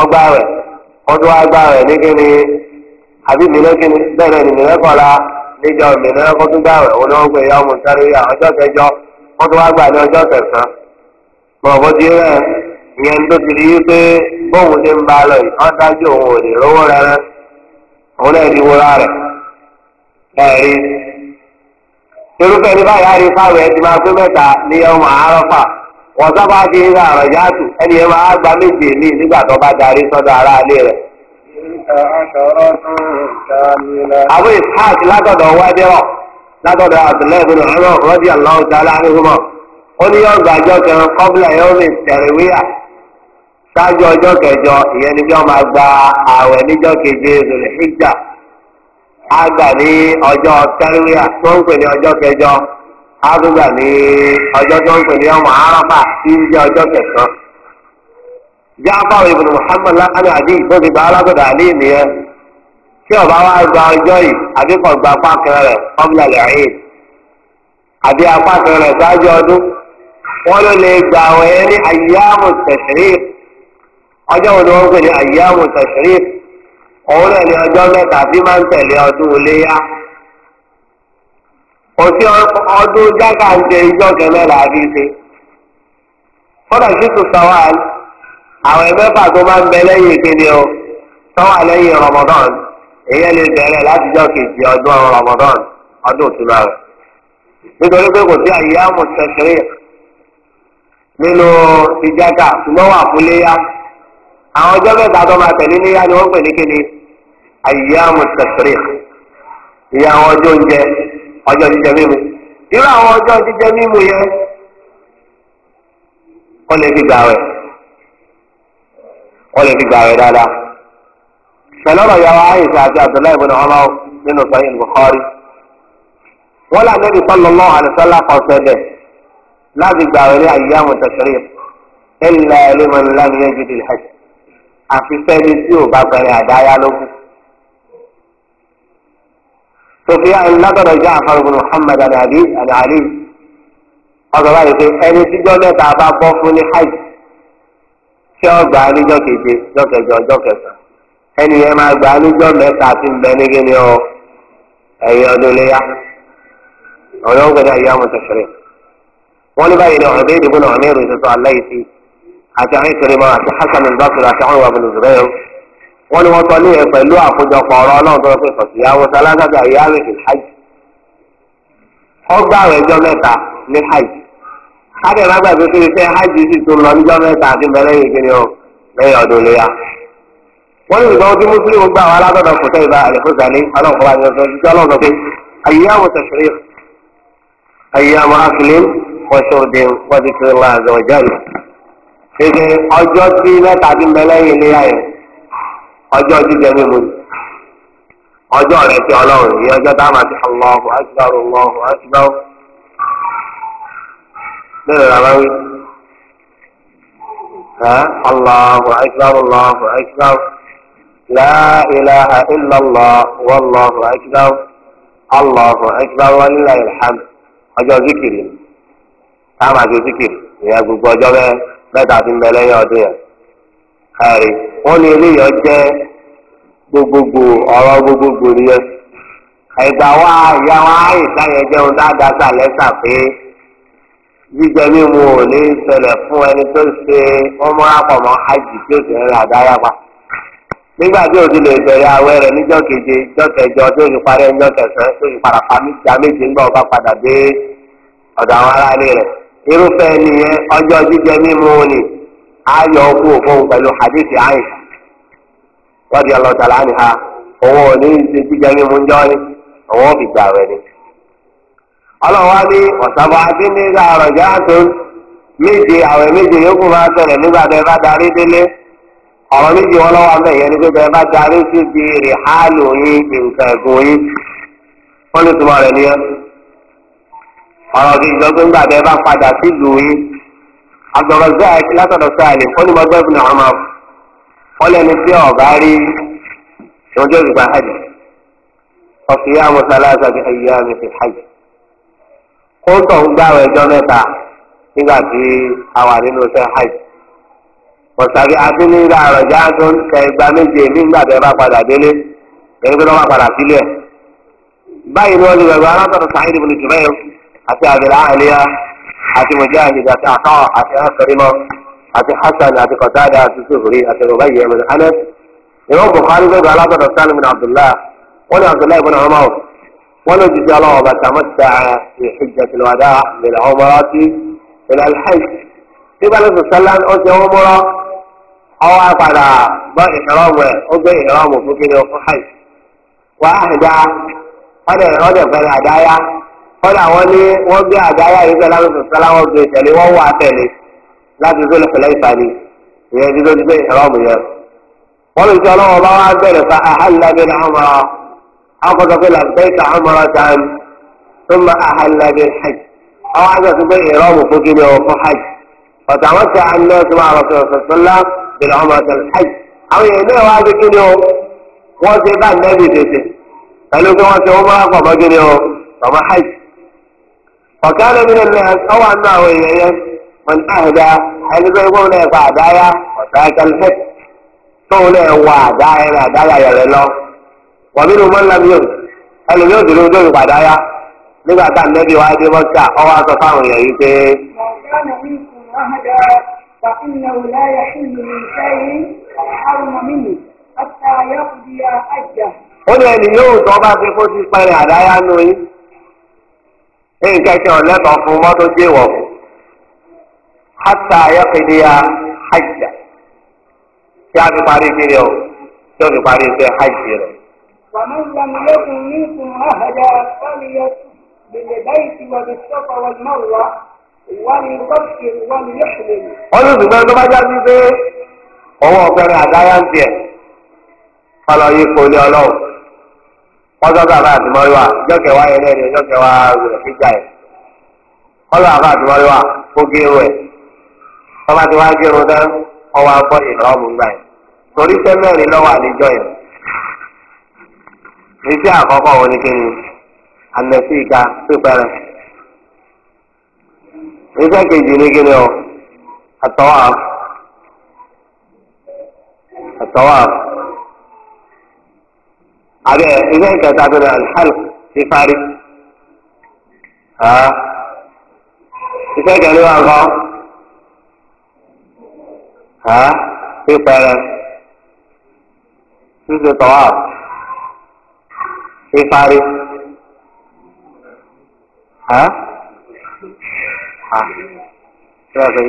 ọgbà rẹ̀ ọdún àbí mìíràn kíni bẹ́ẹ̀ ni mìíràn kọ́la níjọ mìíràn ni gbé ya ọmọ sáré yà ọjọ́ kẹjọ wọ́n tún wá gbà ní ọjọ́ kẹsàn-án. mọ̀ọ́bọ̀ ti rẹ̀ ìyẹn tó ti di wípé bóun ti ń ba lọ yìí dájú òun ò lè rówó rẹ̀rẹ̀ òun náà ti wúra rẹ̀ ẹ̀rí. irúfẹ́ ní báyìí Abu Ishaq látọ̀dọ̀ Wẹ́dẹ́rọ̀ látọ̀dọ̀ Abdullahi bin Umar radiyallahu ta'ala anhuma. Ó ní yóò gbàjọ́ kẹrin qabla yawmi tarwiyah. Ṣáájú ọjọ́ kẹjọ ìyẹn ni bí gba ààwẹ̀ níjọ́ keje Zul Hijja. A gbà ní ọjọ́ tarwiyah tó ń pè ní ọjọ́ kẹjọ. A tún gbà ní ọjọ́ tó ń pè ní ọmọ Arafah tí ń Ja'far ibn Muhammad lákàlẹ̀ àdí tó ti gba alágbèdà àlẹ́ nìyẹn tí ọba wa gba ọjọ́ yìí àbí kò gba apá kan rẹ̀ kọ́mílà lẹ́yìn àbí apá kan rẹ̀ ṣáájú ọdún wọ́n gba ayyamu wo ni wọ́n ń pè ní ayyamu tashriq òun náà ni ọjọ́ mẹ́ta tí kọ́dà sí àwọn ẹgbẹ́fà tó bá ń bẹ lẹ́yìn ìkéde o tọ́wà lẹ́yìn Ramadan èyí lè bẹ̀rẹ̀ látijọ́ kejì ọdún Ramadan ọdún òtúnbà rẹ̀ nítorí pé kò sí àyè àmọ̀tẹ́sẹ̀rẹ̀ nínú ìjàkà ṣùgbọ́n wà fún léyà àwọn ọjọ́ mẹ́ta tó máa tẹ̀lé níyà ni wọ́n pè ní kéde àyè àmọ̀tẹ́sẹ̀rẹ̀ ìyá àwọn ọjọ́ oúnjẹ ọjọ́ jíjẹ mímu irú àwọn ọjọ́ jíjẹ mímu yẹn wọ́n wọ́n lè fi gbà rẹ̀ dáadáa. pẹ̀lọ́rọ̀ yàrá àyíṣà àti abdullahi ibn umar bukhari. wala ne bi sallallahu alaihi wasallam kan sẹ́dẹ̀ na gbà rẹ̀ ní ayyamu tashriq illa liman lam yajid al-hajj. àfi sẹ́ni tí ò نظر جعفر بن محمد عن علي حج tí wọ́n gbà á níjọ́ keje ọjọ́ kẹjọ ọjọ́ kẹsàn ẹni yẹn máa gbà á níjọ́ mẹ́ta ní ọ ẹ̀yìn ọdún léyà gbẹdẹ ní báyìí dìbò náà ní ìròyìn tuntun aláì sí àti àwọn ìkiri àti Hasan àti àwọn sọ ní tó sálágàdà hajj ọgbà kájẹ̀ má gbàgbé pé iṣẹ́ hajj sì tó lọ níjọ́ mẹ́ta àti bẹ̀rẹ̀ yìí kiri o lẹ́yìn ọdún léyà. wọ́n ní ìgbà ojú mùsùlùmí gbà wá látọ̀dọ̀ kòtẹ́ ìbá àlẹ́fọ́sálẹ́ ọlọ́run kọ́ba àti ọ̀sán jíjọ́ ọlọ́run pé ayéyàwó tẹ̀sírí ayéyàwó akílẹ̀ wọ́ṣọ̀dé wọ́dìkiri láàzọ̀ ọ̀jọ́lù. ṣèṣe ọjọ́ tí mẹ́ta àti bẹ̀rẹ̀ yìí léyà yẹn ọjọ́ jíjẹ mímu ọjọ́ rẹ̀ ti ọlọ́run ìyẹn ọjọ́ táwọn àti bẹ́ẹ̀ rárá wí. Allahu akbar Allahu akbar La ilaha illallah wallahu akbar Allahu akbar wa lillahil hamd ọjọ́ zikiri táwọn àti zikiri ìyẹn gbogbo ọjọ́ bẹ́ẹ̀ mẹ́ta wa dáadáa gbígbẹ mímu ò ní ṣẹlẹ̀ fún ẹni tó ṣe ọmọ akọmọ hajj tí ó sì ń rìn àdáyà pa nígbà tí o ti lè bẹ̀rẹ̀ àwẹ̀ keje kẹjọ tó ti parẹ́ níjọ́ kẹsàn-án padà pa nígbà ọba padà dé ọ̀dọ̀ àwọn irúfẹ́ ha òun ò ní ṣe mímu ń ọlọ́wọ́ ní ọ̀sàbọ̀ àti tó méje àwẹ̀ méje yòókù máa tẹ̀lẹ̀ nígbà tẹ bá darí délé ọ̀rọ̀ méje wọn lọ́wọ́ àmọ́ ìyẹn bá darí sí di yín nǹkan yín lè rẹ̀ nìyẹn ọ̀rọ̀ nígbà bá padà yín látọ̀dọ̀ ọmọ wọn lẹ́ni tí ọ̀gá rí ìwọ́jọ́ ìgbà hajj ọ̀sìn yá mọ́sálásá kó tọ̀ ń gbàwé ọjọ́ mẹ́ta nígbà tí a wà nínú iṣẹ́ hajj pọ̀sàbí adúlélá àròjá tó ń kẹ igba méje nígbà tó bá padà délé ẹni pé lọ́wọ́ padà sílẹ̀ báyìí ni wọ́n lè gbàgbọ́ arákùnrin Sa'id ibn Jubayr àti àbẹ̀lá àlẹ́yà àti Mujahid àti àkọ́ àti akọ̀rìmọ́ àti Hasan àti àti àti ìwọ́n Abdullahi, wọn ló ti di ọlọ́wọ́ bá tàmọ́tà ìhijjatul wada min umrati ila al-hajj nígbà tó sọ́lá ó ti wọ́n mọ́rọ́ ọwọ́ apàdà gbọ́ ìhìrọ́mù ẹ̀ ó gbé ìhìrọ́mù fún kí ni ó fún hajj wà á hìdá ọdẹ ọdẹ pẹ̀lú àdáyá kọ́dà akọ̀tọ̀ pé làbẹ́ẹ̀kà umratan thumma ahalla bil hajj àwọn àgbàtú pé ìrọ́mù fún kí ni ọ̀ fún hajj ọ̀tà wọn ti àná tó máa rọ̀tọ̀ sọ̀tọ̀lá ìlà umratan hajj àwọn èèyàn náà wá sí kí ni ọ wọ́n ti bá nẹ́bì tètè pẹ̀lú pé wọ́n ti wọ́n máa pọ̀ mọ́ kí ni ọ ọmọ hajj ọ̀kẹ́ lẹ́mìnà náà ọwọ́ àná àwọn èèyàn yẹn wọn àhùdá ẹni tó gbọ́n náà a ló máa ń lábí òun ẹlòmí òdòdó tó ń padà yá nígbà tá nẹ́bí wa dé mọ́tà ọwọ́ aṣọ fáwọn èèyàn na pé. ó ní ẹni yóò tọ́ bá fi kó sí pẹ́rẹ́ àdáyá nù yín ní kẹ́kẹ́ ọ̀lẹ́tọ̀ fún mọ́tò dé wọ̀ fún hátà a ومن لم يكن منكم أهدا بالبيت وبالصفا والمروة وليحلل. ti wá torí èsì àkọ́kọ́ wọn ni kéde àmẹ́sì ìka pípẹ́rẹ́ èsì kejì ni kéde ọ àtọ́wà àtọ́wà àbẹ èsì ìkẹta tó ní alhal fífarí èsì ìkẹta wà kọ́ pípẹ́rẹ́ sísè tọ́wà ìparí.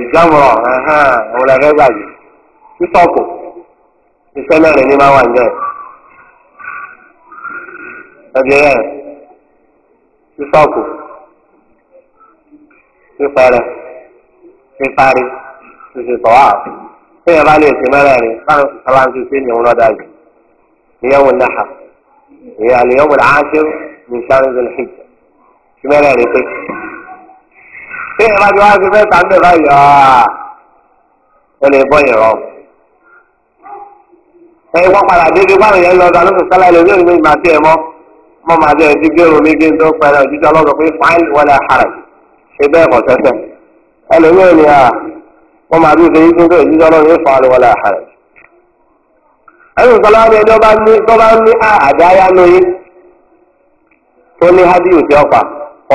ìjámọ̀rọ̀ òun làgẹ́ gbàgbé títọ́kù iṣẹ́ mẹ́rin ní máa wà níbẹ̀. ẹgbẹ́ rẹ̀ títọ́kù pípẹ́rẹ́ píparí ìṣètò ààbò tí ìyẹn bá lè ṣe mẹ́rẹ̀ẹ̀rin báwọn sọ̀rọ̀ àti ṣe ní òun lọ́dà jù ìyẹn wọn náà. هي اليوم العاشر من شهر ذي الحجة شمال هذه في إخراج واحد البيت عندي غير اللي يضيعه ẹ̀yìn wọ́n padà dé bí báwọn yẹn lọ ọ̀dà lóṣù sálà ilé olóògbé ìgbà tí ẹ mọ́ mọ́ máa tó pẹ̀lú pé wọlé ẹnu kan láwọn ẹni ọba ní ọba ní ah, àdáyá lóyún tó ní hádìyù tí ọpa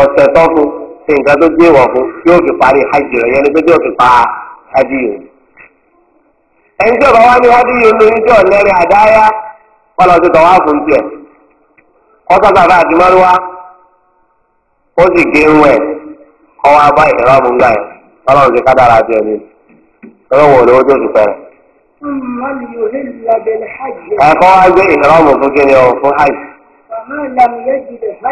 ọ̀sẹ̀ tó fún ṣe nǹkan tó gbé wọ̀ fún yóò fi parí hajj rẹ̀ yẹn ni pé yóò fi pa hádìyù. ẹni tí ọba wa ní hádìyù lóyún tí ọ̀lẹ́rìn àdáyá lọ sí tọ́wá fún tiẹ̀ àti ó sì gé ń wẹ̀ kọ́ wa bá ìrọ̀mù gbà yẹn ọlọ́run ti ká Ẹ̀kọ́ wá gbé ìrọ́mù fún kí ni ọ fún hajj. Wọ́n ní tó ń ṣe kó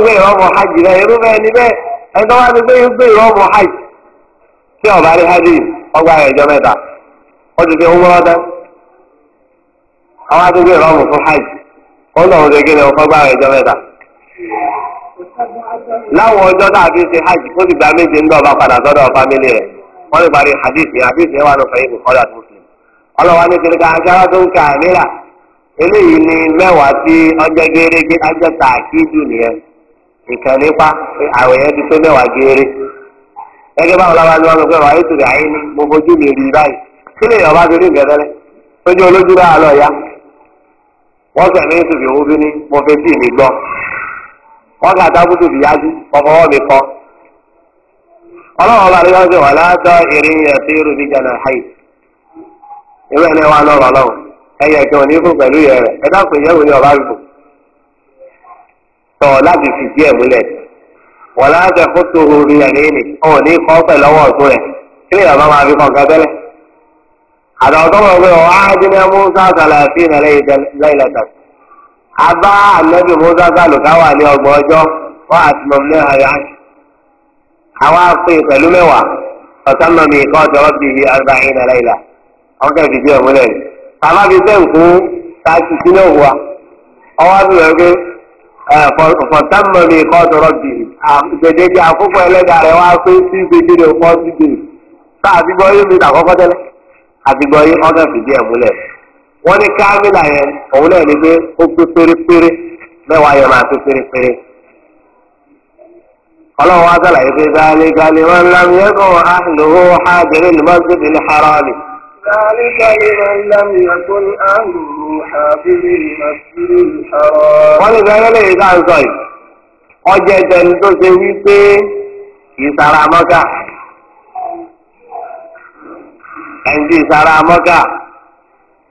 gbé ìrọ́mù hajj rẹ̀ irú bẹ́ẹ̀ ni bẹ́ẹ̀ ẹ̀tọ́ wá ti gbé gbé ìrọ́mù hajj. Tí ọ̀bá rí hajj ọgbà ẹ̀jọ́ mẹ́ta, ti fi owó Àwọn ọ fọ́gbà láwọn ọjọ́ náà fi ṣe hajj kó sì gba méje ń dọ̀ba padà sọ́dọ̀ fámílì rẹ̀ wọ́n lè parí hadith yẹn hadith yẹn wà ló fẹ́yìn ọlọ́wà ka àmìlà eléyìí ni mẹ́wàá tí ọjọ́ ọjọ́ nìyẹn ìkàn nípa ti mẹ́wàá báwo la wá ya wọ́n wọ́n kà tá bútù bìyájú ọ̀fọwọ́ mi kọ́. ọlọ́run ọba rẹ̀ yọ̀ọ́ wà látọ̀ ìrìn ẹ̀sìn irú ẹni lọ́rọ̀ ẹ̀yẹ kí wọ́n ní fún pẹ̀lú ìyẹn rẹ̀ ẹ̀dá pè yẹ́wò ní ọba tọ̀ láti fi díẹ̀ múlẹ̀. wọ́n látọ̀ fún tòun rí ni ní kọ́ pẹ̀lú ọwọ́ ọ̀tún rẹ̀ kí ni bàbá máa fi abá anabi musa sálùká wà ní ọgbọ̀n ọjọ́ wọ́n àti mọ̀mí ayá àwọn apè pẹ̀lú mẹ́wàá ọ̀sán mọ̀mí ikọ́ ọ̀dọ́rọ́ bíi ní arúgbó ayé nàlá ìlà wọ́n kẹ́ fìdí ẹ̀ múlẹ̀ yìí. bàbá mi fẹ́ nkú ká ti sí náà wá ọwọ́ bí wọ́n gbé ọ̀sán mọ̀mí ikọ́ ọ̀dọ́rọ́ bíi gbèdéke àkókò ẹlẹ́dà wá pé sí gbèdéke ọ̀pọ̀ sí gbèdéke. bá àtìgbọ́ yé mi wọ́n ní kámílà yẹn òun náà ní pé ó pé pérépéré mẹ́wàá yẹn máa pé pérépéré. ọlọ́run wá sàlàyé pé dáálé gálé wọn lámì ẹ̀kọ́ àlùhó hájẹ́rẹ́ ní mọ́sídìí ní haramì. ذلك لمن لم يكن أهله حافظ المسجد الحرام. ولذلك na يدعي صحيح. أجد أن تسوي ìsara mọ́kà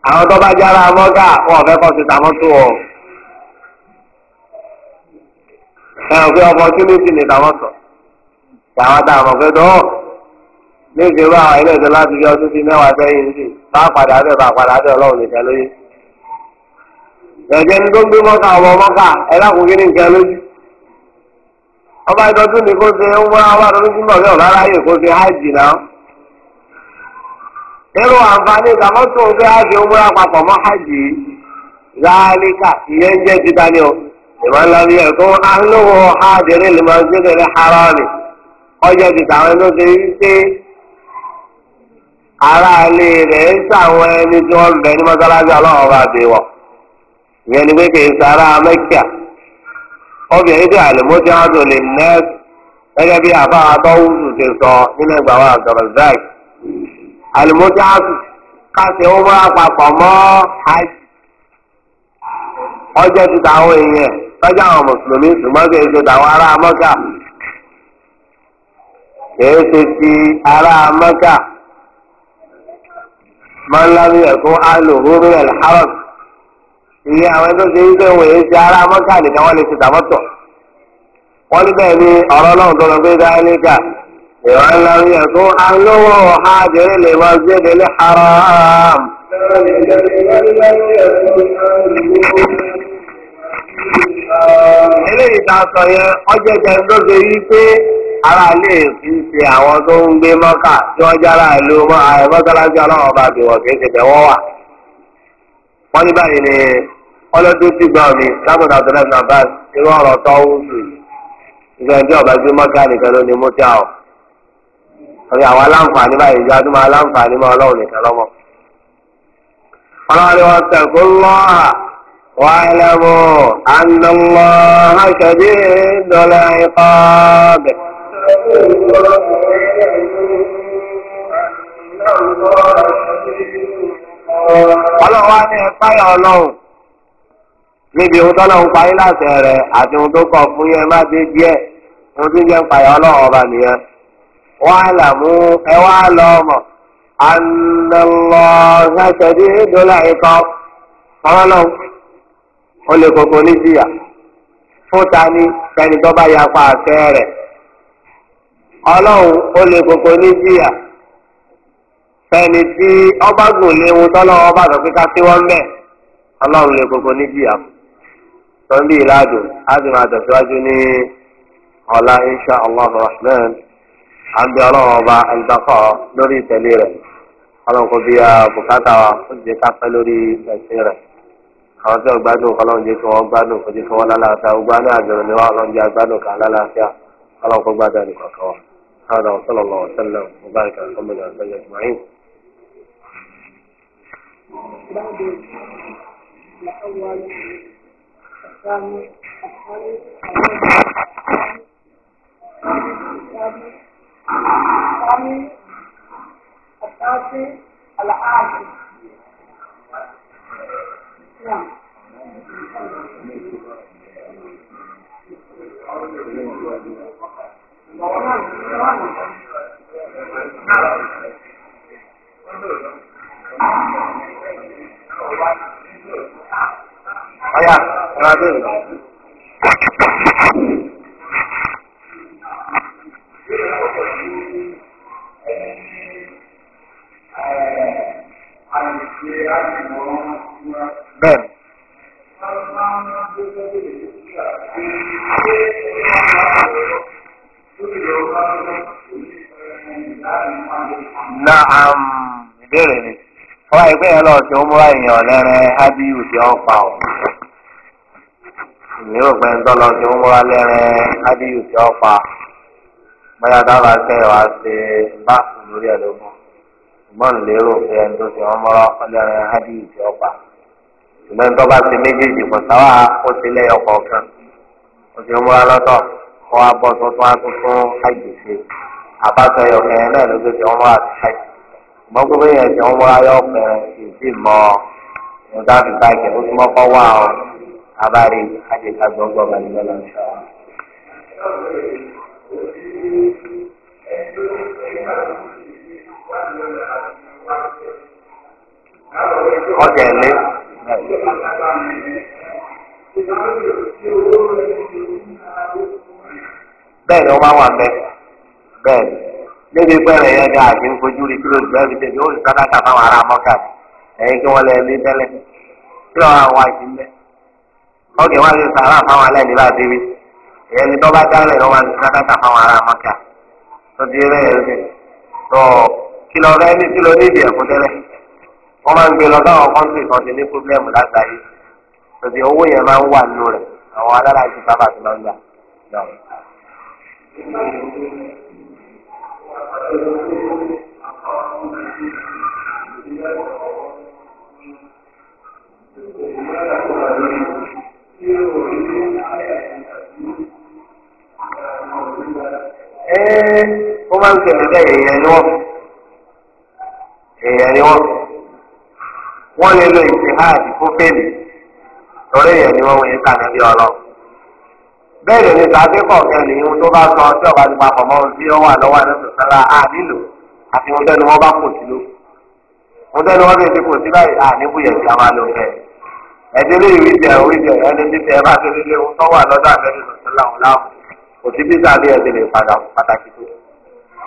àwọn tó bá jára mọ́gà wọn ò fẹ́ kọ́ sí tàmọ́tò ọ̀ ẹ ò fi opportunity ní tàmọ́tò tàwọn tá a mọ̀ pé tó ní ìṣerú àwọn ilé ìṣẹ́ láti fi ọdún bíi mẹ́wàá sẹ́yìn sí bá padà bẹ́ẹ̀ bá padà bẹ́ẹ̀ ọlọ́run nìkan lóye. ẹ̀jẹ̀ ni tó ń gbé mọ́gà ọmọ mọ́gà ẹ lákòó kí ní nǹkan lójú. ọba ìtọ́jú ni kó ṣe ń wá wá lórí sí mọ̀ nínú àǹfààní ìgbàmọ́tò ń fẹ́ àjẹ òmùra papọ̀ mọ́ hajj zaalika ìyẹn jẹ́ títa ni o ìmọ̀ ńlá mi yẹn kó ahlóhùn ọ̀hádìrí lèmọ̀sílẹ̀ ní harami ọjọ́ títa àwọn ẹni tó ti ara ilé rẹ̀ ń sàwọn ẹni tí wọ́n bẹ̀ ní mọ́sálásí ọlọ́run bá bí wọ̀ ìyẹn ni pé kì í sara mẹ́kíà obìnrin tí tó lè nẹ́ẹ̀sì gẹ́gẹ́ bí àlùmọ́jáàtù káṣe ọmọra papọ̀ mọ́ hajj ọjọ́ ti tàwọn èèyàn lọ́jọ́ àwọn mùsùlùmí ṣùgbọ́n kì í ṣe tàwọn ará mọ́kà kì í ṣe ti ará mọ́kà máa ń lábí ẹ̀kọ́ alùhùrù ẹ̀lhárọ̀t iye àwọn tó ṣe wípé wòye ará mọ́kà nìkan lè ṣe ni ولم يكن أهله حاجر لمسجد الحرام eléyìí a sọ yẹn ṣe yí pé ara lè fi ṣe àwọn tó ń gbé mọ́kà tí wọ́n jára ìlú bá ti wọ̀ kí n ṣe bẹ̀ wọ́n wà. wọ́n ní báyìí ni ọlọ́dún tí gbọ́n mi lábọ̀dọ̀ àtúnlẹ̀ nàbàs irú ọ̀rọ̀ tó ń sùn ìgbà tí ọ̀bá gbé mọ́kà nìkan ló torí àwọn aláǹfààní báyìí ìjọ adúmọ̀ aláǹfààní máa ọlọ́run nìkan lọ́mọ. ọlọ́run wọn tẹ̀kọ́ lọ́à wà lẹ́wọ̀ ànàmọ́ àṣẹbí dọ́là ikọ́ bẹ̀. ọlọ́run wá ní ẹ̀páyà ọlọ́run níbi ohun tọ́lọ́run parí láti rẹ̀ àti ohun tó kọ̀ fún yẹn má dé díẹ̀ ohun tí ń jẹ́ ń payà ọlọ́run ọba nìyẹn. واعلموا واعلموا أن الله شديد العقاب قالوا قل كوكوليسيا fúntani fẹni tó bá yapa Ọlọ́run ó lè ní fẹni tí ọba gùn léwu ọba àtọkí ká sí Ọlọ́run lè ní bí ìlàdùn á sì máa tẹ̀síwájú àbí ọlọ́run ọba àgbàkọ́ lórí ìtẹ̀lé rẹ̀ ọlọ́run kò bí bùkátà wa ó ti ká pẹ́ lórí ẹ̀sìn rẹ̀ àwọn tí wọ́n gbádùn ọlọ́run jẹ́ kí wọ́n gbádùn kò jẹ́ kí wọ́n lálàáfíà gbogbo àná àjọyọ̀ ni wọ́n ọlọ́run jẹ́ agbádùn kan lálàáfíà ọlọ́run kò gbádùn ẹnì kọ̀ọ̀kan wa. هذا وصلى الله وسلم وبارك الثاني الثالثي العاشر نعم Ayah, kenapa? bẹ́ẹ̀ naam ìbéèrè ni wọ́n á gbé yẹn lọ sí ọmọ ábíyù tí ó pa ń tọ́ lọ sí ọmọ lẹ́rẹ́ ábíyù tí ó pa bóyá dábàá kẹ́ ẹ̀ wá ṣe báàkù lórí ẹ̀ lógún ṣùgbọ́n lérò pé ẹni tó ṣe wọ́n mọ́rọ́ ọlẹ́rìn hádì ìṣe ọ̀pá ṣùgbọ́n tó bá ṣe méjèèjì kò sáwà ó ti lẹ́yìn ọkọ̀ kan ó ṣe múra lọ́tọ̀ kó wá bọ́ tó tún á tún fún àjò ṣe àbáṣọ ẹ̀yọ̀kẹ́ yẹn náà ló tó ṣe wọ́n mọ́ra ti ṣáàjì ṣùgbọ́n gbogbo yẹn ṣe wọ́n mọ́ra yọ̀ọ̀kẹ́ ìdí mọ́ ọ̀dà àbíkà ìṣẹ̀ ó túnmọ́ kọ́ wá ọ abáre àjẹká gbọ́ngbọ́n Ọ ga ni wọ́n bá wà bẹ́ẹ̀ bẹ́ẹ̀ ni níbi pẹ́ẹ́rẹ́ yẹn ni àti ń rí kíló ìgbà fi tẹ̀lé ó sì sádàkà fáwọn ará kí ìyẹn ni tọ́ba dálẹ̀ lọ́wọ́ àti sádàkà fáwọn ará mọ́kà tó ti rẹ̀ ẹ̀ ṣe tó kìlọ̀ rẹ̀ ní kìlọ̀ nídìí ẹ̀kú tẹ́lẹ̀ wọ́n máa ń gbé lọ sáwọn kọ́ńtì kan ti ní pírọ́blẹ́mù látàrí tó ti owó yẹn máa ń wà nínú rẹ̀ àwọn alára ti sábà ti máa gbà. Thank you. ẹ́ẹ́ eh, ó máa ń tẹ̀lé bẹ́ẹ̀ èèyàn ni wọ́n èèyàn wọ́n lè lo ìṣèháàdì fún fèlè lórí èèyàn ni wọ́n wọ́n yẹn kàná bí ọlọ́ bẹ́ẹ̀ lè ní sàbí kọ̀ọ̀kan ní tó bá sọ tí ọba ti papọ̀ mọ́ ohun tí ó wà lọ́wọ́ àti sọ̀tara á nílò àti ohun tẹ́ni wọ́n bá kò sí ló ohun tẹ́ni wọ́n bẹ̀rẹ̀ ti kò sí báyìí à níbùyẹ̀ sí àwọn alóńfẹ́ ẹ̀dínlẹ̀ ìwé jẹ̀ òwe jẹ̀ ẹni òsì bí sáà bí ẹsẹ̀ lè padà pàtàkì tó.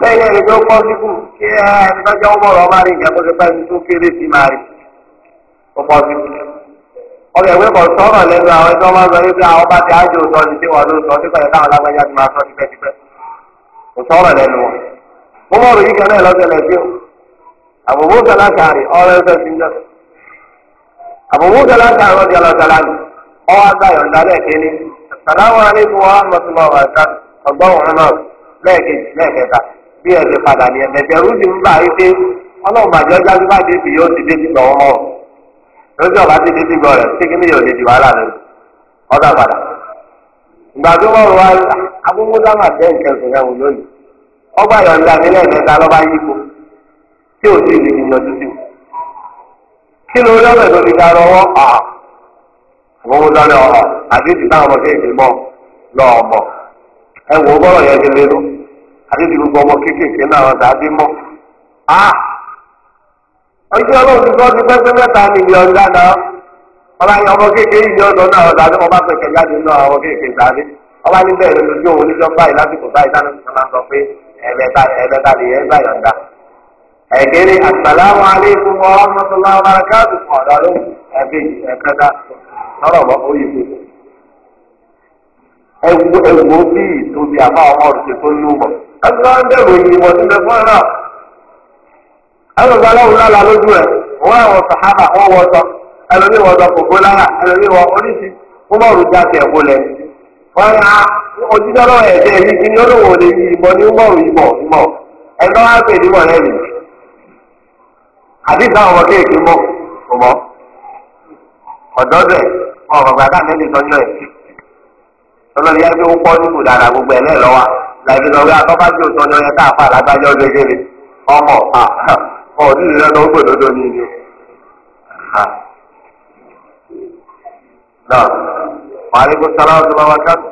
lẹ́yìn ẹ̀rí tó kọ́ síkù kí ẹni tó jẹ́ ọmọ rí nǹkan tó ṣe tó kéré sí máa rí tó kọ́ síkù. ọbẹ̀ ìwé kan sọ̀rọ̀ lẹ́nu àwọn ẹjọ́ máa ń sọ wípé àwọn bá ti ájò sọ ní ló sọ nípa àwọn máa sọ tipẹ́tipẹ́ kò lẹ́nu wọn. mo sàlámù alaykum wa rahmatulah wa barakatuh ọgbọ́n òun náà lẹ́ẹ̀kejì lẹ́ẹ̀kẹta bí ẹ ṣe padà ní ẹ̀mẹ̀jẹ̀ rúdì ń bá yín pé ọlọ́run àjọ jáde bá dé ti dé ọmọ lójú ti dé ṣé yóò lè di wàhálà ìgbà tó wọ́n wá lónìí ọgbà yọ̀ǹda lọ́ba owó lọ́lẹ̀ ọ̀rọ̀ àdéhùn táwọn ọmọ kéèké bọ̀ lọ́ọ̀ bọ̀ ẹ wò ó bọ́rọ̀ yẹn ti lé lọ àdéhùn gbogbo ọmọ kéékèèké a ọjọ́ ọlọ́run ti sọ ti pẹ́pẹ́ mẹ́ta mílíọ̀n dáná yẹn ọmọ yìí náà ọ̀dà pẹ̀kẹ́ jáde náà ọmọ ọba ní bẹ́ẹ̀ ọlọ́ọ̀bọ ó yí fún ẹwú ẹwú bí ìtòbi àbá ọmọ ọ̀rùn tó ní ọmọ ẹtù náà ń èyí wọ́n ti lẹ́fọ́ ẹ̀rọ ẹlòmíì aláwọ̀ lára lójú ẹ̀ wọ́n ẹ̀wọ̀n sàhábà lára oríṣi bá ti yìí kí ni olówó lè yí ìbọn ní ọ̀rọ̀ gbàgbà mẹ́lì tọ́jú ẹ̀ ọlọ́ni yẹn fi wọ́pọ̀ nínú dára gbogbo ẹ̀ náà lọ́wọ́ làbí lọ rí àtọ́kájú òtọ́ ni ọ̀yẹ́ káàpá làgbájọ́ ọdẹ́gẹ́rẹ́ ọmọ ọ̀ọ́dún ìrẹ́lẹ́ ọgbọ̀dọ́dọ́ ní ilé. wàhálà kò sára ọdún bàbá káàpá.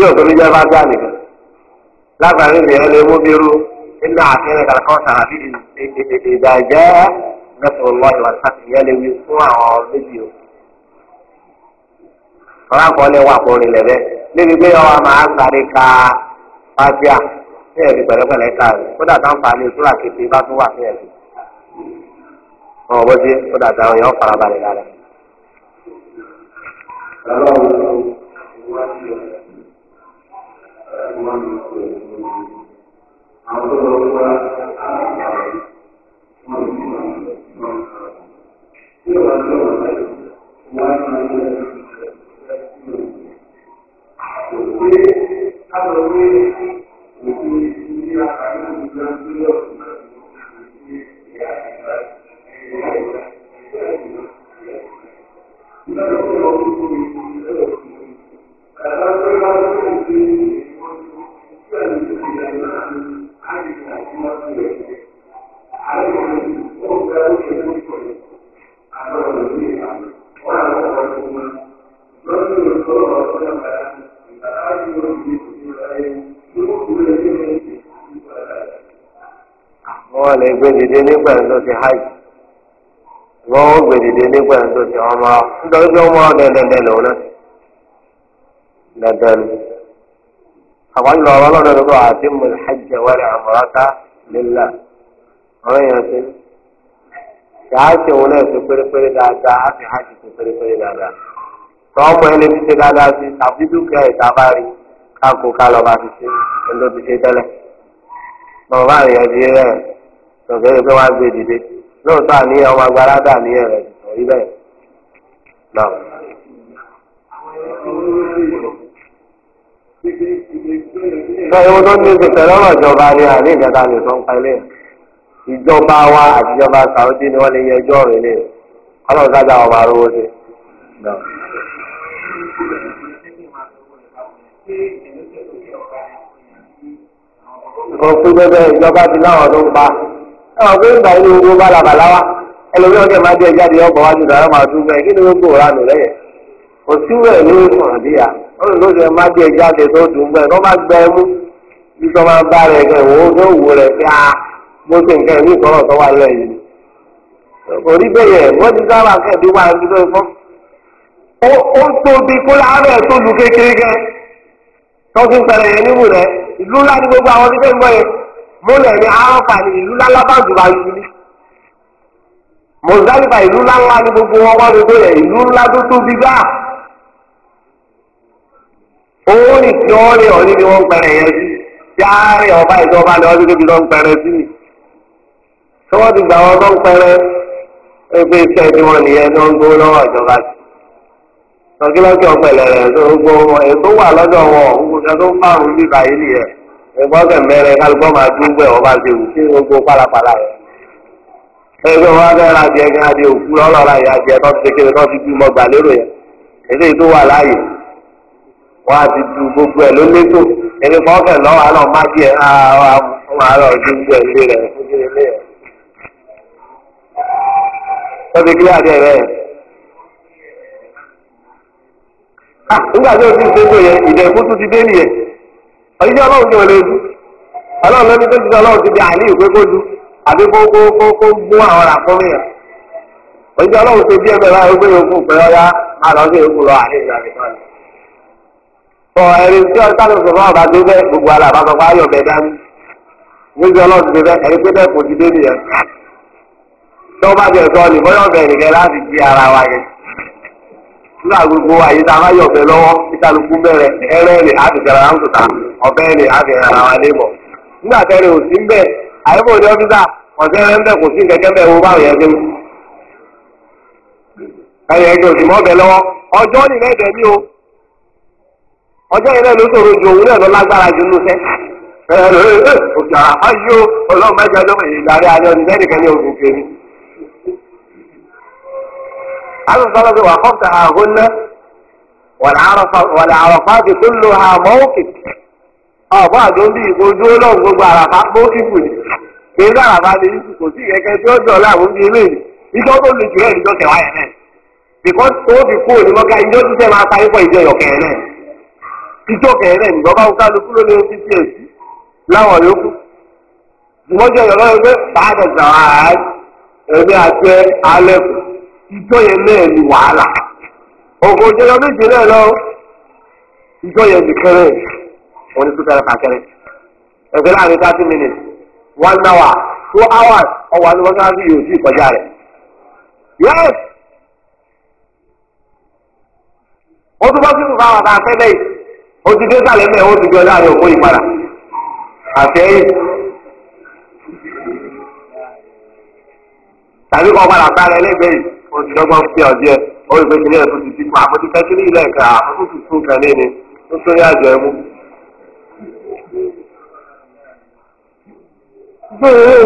tí òkú níjọ bá gbà nìkan lágbàáyé ìyẹn lè mú bí irú nínú àfihàn kàlàkọ́ sàrà bí ìdàjẹ́ mẹ́sàn-án sáfì lè wí fún àwọn méjì o. ọ̀rọ̀ àkọọ́lẹ̀ wà kó rìn lẹ́bẹ̀ níbi pé ọwọ́ máa sáré ka ní ẹ̀rí pẹ̀lẹ́pẹ̀lẹ́ ìtura kété bá tún wà ní ẹ̀rí. ọ̀rọ̀ bó dé kódà táwọn èèyàn farabalẹ̀ wọ́n ti pè é àwọn tó lọ wá àwọn ọ̀gá rẹ̀ wọ́n ti pè é wọ́n ti pè é wọ́n ti pè é wọ́n ti pè é wọ́n ti pè é. dìde nígbà tó si hajj wọn ó gbé dìde nígbà tó ti ọmọ nítorí pé ọmọ dandandan lòun náà dandan àwọn ìlú ọ̀rọ̀ ló bá àti mọ̀lẹ́hajj wal umrata lillah ọ̀rọ̀ yẹn ti ṣáàṣì òun náà ti pérépéré dáadáa á fi hajj ti pérépéré dáadáa ẹni ti ṣe dáadáa sí tàbí dúkìá ìtàbárí ká lọ́ba ti ṣe ẹni tó ti ṣe tẹ́lẹ̀ bàbá rẹ̀ ọ̀gá yẹn pé wọ́n gbé dìde lóòótọ́ àníyàn ọmọ agbára dà níyàn rẹ̀ ní ìjọba ni àní ìjọba ni pa ilé. Ìjọba wa àti ìjọba Sàwọ́dí ni wọ́n lè yẹ ẹjọ́ rẹ̀ lé. Ọlọ́run ìjọba ti láwọn ló ń pa. àwọn pé owó bá la bàlá wa ẹlòmí ọdẹ máa jẹ jáde wájú dàrá máa dún bẹ́ẹ̀ kí ni ó gbòòrò àná lẹ́yìn kò sí rẹ̀ ní ìfọ̀nàdíyà wọn ló ṣe máa jẹ jáde tó dùn bẹ́ẹ̀ tó gbẹ mú bí tó máa bá rẹ̀ kẹ́ wò ó wò rẹ̀ pé a mo ṣe nǹkan ìlú ìkọ́rọ̀ tó wà lẹ́yìn kò rí wọ́n ti múlẹ̀ ní arọ́fà ní ìlú lálábàdùbà ìlú ní mọ̀sálífà ìlú ńláńlá ní gbogbo wọn wá gbogbo rẹ̀ ìlú ńlá tó tóbi gbà owó ní tí wọ́n lè ọ̀rí ni wọ́n pẹ̀rẹ̀ yẹn sí tí a rìn ọba ìjọba lè ọdún tóbi lọ́n pẹ̀rẹ̀ sí ni tí wọ́n ti gbà wọn lọ́n pẹ̀rẹ̀ pé iṣẹ́ ni wọ́n nìyẹn tó ń gbowó lọ́wọ́ ìjọba sí tọ́kílọ́kì ọ̀pẹ̀lẹ̀ rẹ̀ tó gbowó ẹ̀ tó wà lọ́dọ̀ wọn òun kò ìgbọ́kẹ̀ mẹ́rẹ̀ kálukọ́ máa dún bẹ́ẹ̀ wọ́n ṣe wù sí gbogbo pálapàla yẹn. ẹgbẹ́ wọn fẹ́ ra adìẹ gan adìẹ òkú lọ́lọ́ra yẹn adìẹ tó ti kékeré tó ti bí mọ gbà lérò yẹn eléyìí tó wà láàyè wọn á ti du gbogbo ẹ̀ ló létò ẹni fọ́ọ̀kẹ̀ lọ́wọ́ àlọ́ má díẹ̀ àwọn àlọ́ ọdún gbẹ̀ ilé rẹ̀ fún ilé rẹ̀. tó ti kílé adìẹ rẹ̀ ah, nígbà tó ti ṣe é ìjọ ọlọ́run ti wọlé ojú ọlọ́run lọ́ni tó ti sọ ọlọ́run ti di àlè ìwé kójú àbí kó kó àwọn àkọ́mí yẹn ìjọ ọlọ́run ti bí ẹgbẹ́ bá ẹgbẹ́ yòókù pé ọyá àlọ́sí yòókù lọ àlè ìgbà nìkan. sọ tí ọ̀sán sọ fún gbogbo bẹ́ẹ̀ ní agbègbè àyè tá a máa yọ ọ̀bẹ lọ́wọ́ ìtàlùkù bẹ̀rẹ̀ ẹ̀rẹ́ ni a ti jẹrà láwùjọ Ndị ọ̀bẹ ni a ti ràn wá lébọ̀. nígbà tẹ́lẹ̀ ò sí ń bẹ̀ àyẹ̀bọ̀ ní ọ́fíìsà ọ̀sẹ̀ rẹ̀ ń bẹ̀ kò sí kẹ̀kẹ́ bẹ̀ wo báwọn yẹn ṣe. ẹyẹ ẹgbẹ́ òsì mọ́ ọ̀bẹ lọ́wọ́ ọjọ́ ni lẹ́dẹ̀ ní o ọjọ́ yẹn náà عايز درجة وأخفتهاهن والعرفات كلها موقف ọ̀ bá àjọ ní ìfojú ọlọ́run gbogbo àràfà mọ́ ìbò ní kí n dáràfà ní tó lè jù ẹ́ ìjọ kẹwàá yẹn náà because tó fi kú òní ìjọ máa ìjọ náà ìjọ náà ní èsì láwọn yòókù ìmọ̀jọ àti alẹ́kùn ìjọ yẹn náà ni wàhálà òkò òjòyọ méje náà lọ ìjọ yẹn nìkan ni tó láàrin minutes one hour two hours ọwọ́ àlùmọ́ káàdì yóò sì kọjá rẹ̀ yes ó tún bá sínú fáwọn àtàwọn afẹ́ lẹ́yìn o ti dé sàlẹ̀ mẹ́ẹ̀ ó ti gbọ́ láàrin òkú ìpadà tàbí kọ́ olùdọ́gbọ́n fi ọ̀jẹ́ olùgbé kìnìún ẹ̀ ti ti pa àmọ́ títà kiri ilẹ̀ ẹ̀ka àmọ́ tó kan ní ni tó sórí àjọ ẹ̀mú. bẹ́ẹ̀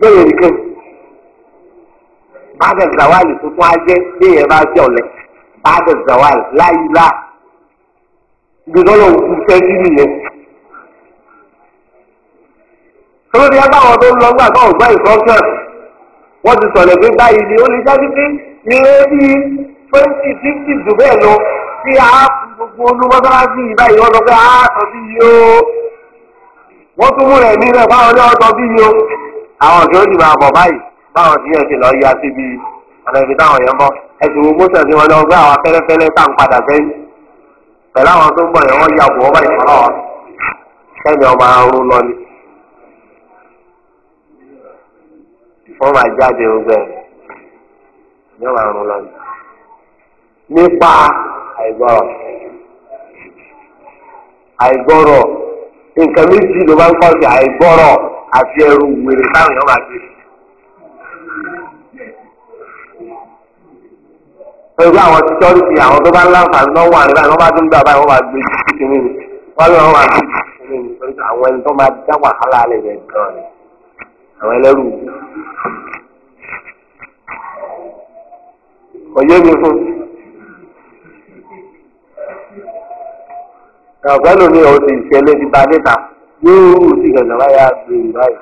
bẹ́ẹ̀ nìkan bàbá zawali tuntun ajẹ́ bẹ́ẹ̀ bá jẹ́ ọ̀lẹ́ bàbá zawali láyìlá gbẹdọ́lọ̀ òkú sẹ́yìn nìyẹn. olórí agbáwọn tó ń lọ gbàgbọ́ ògbà ìfọ́nkẹ́rì wọ́n ti sọ̀rọ̀ pé báyìí ni ó lè jáde pé ní bí twenty fifty jù bẹ́ẹ̀ lọ bí a gbogbo olúmọ́sálásí ìbáyìí wọ́n lọ pé a ah, sọ bí yìí o wọ́n tún mú rẹ̀ ní rẹ̀ báwọn ní ọ̀sọ̀ bí yìí o àwọn ọ̀gẹ́ ó máa bọ̀ báyìí báwọn ti yẹn ti lọ ya síbi ọ̀nà ibi táwọn yẹn bọ̀ ẹ̀sìn wo mọ́sẹ̀ tí wọ́n lọ gbé àwọn fẹ́lẹ́fẹ́lẹ́ tá à ń padà sẹ́yìn wọ́n máa jáde ogbẹ́ ní ọ̀rọ̀ àrùn lọ́nà nípa àìgbọ́rọ̀ àìgbọ́rọ̀ nǹkan méjì ló máa ń kọ́ sí àìgbọ́rọ̀ àti ẹrù wèrè táwọn èèyàn máa gbé. pẹ̀lú àwọn tíṣọ́ọ̀tì àwọn tó bá ń láǹfààní lọ́wọ́ àrẹ báyìí wọ́n bá tún gbà báyìí wọ́n máa gbé títí kìíní wọ́n lọ́wọ́ máa gbé títí kìíní àwọn ẹni tó máa dá wàhálà lẹ̀ yẹn gan-an àwọn ẹlẹ́rù ọ̀yẹ́ mi fún ọ̀gbẹ́ni mi ò sì ṣẹlẹ̀ ti ba níta yóò rú sí gàgà báyà gbèrè báyìí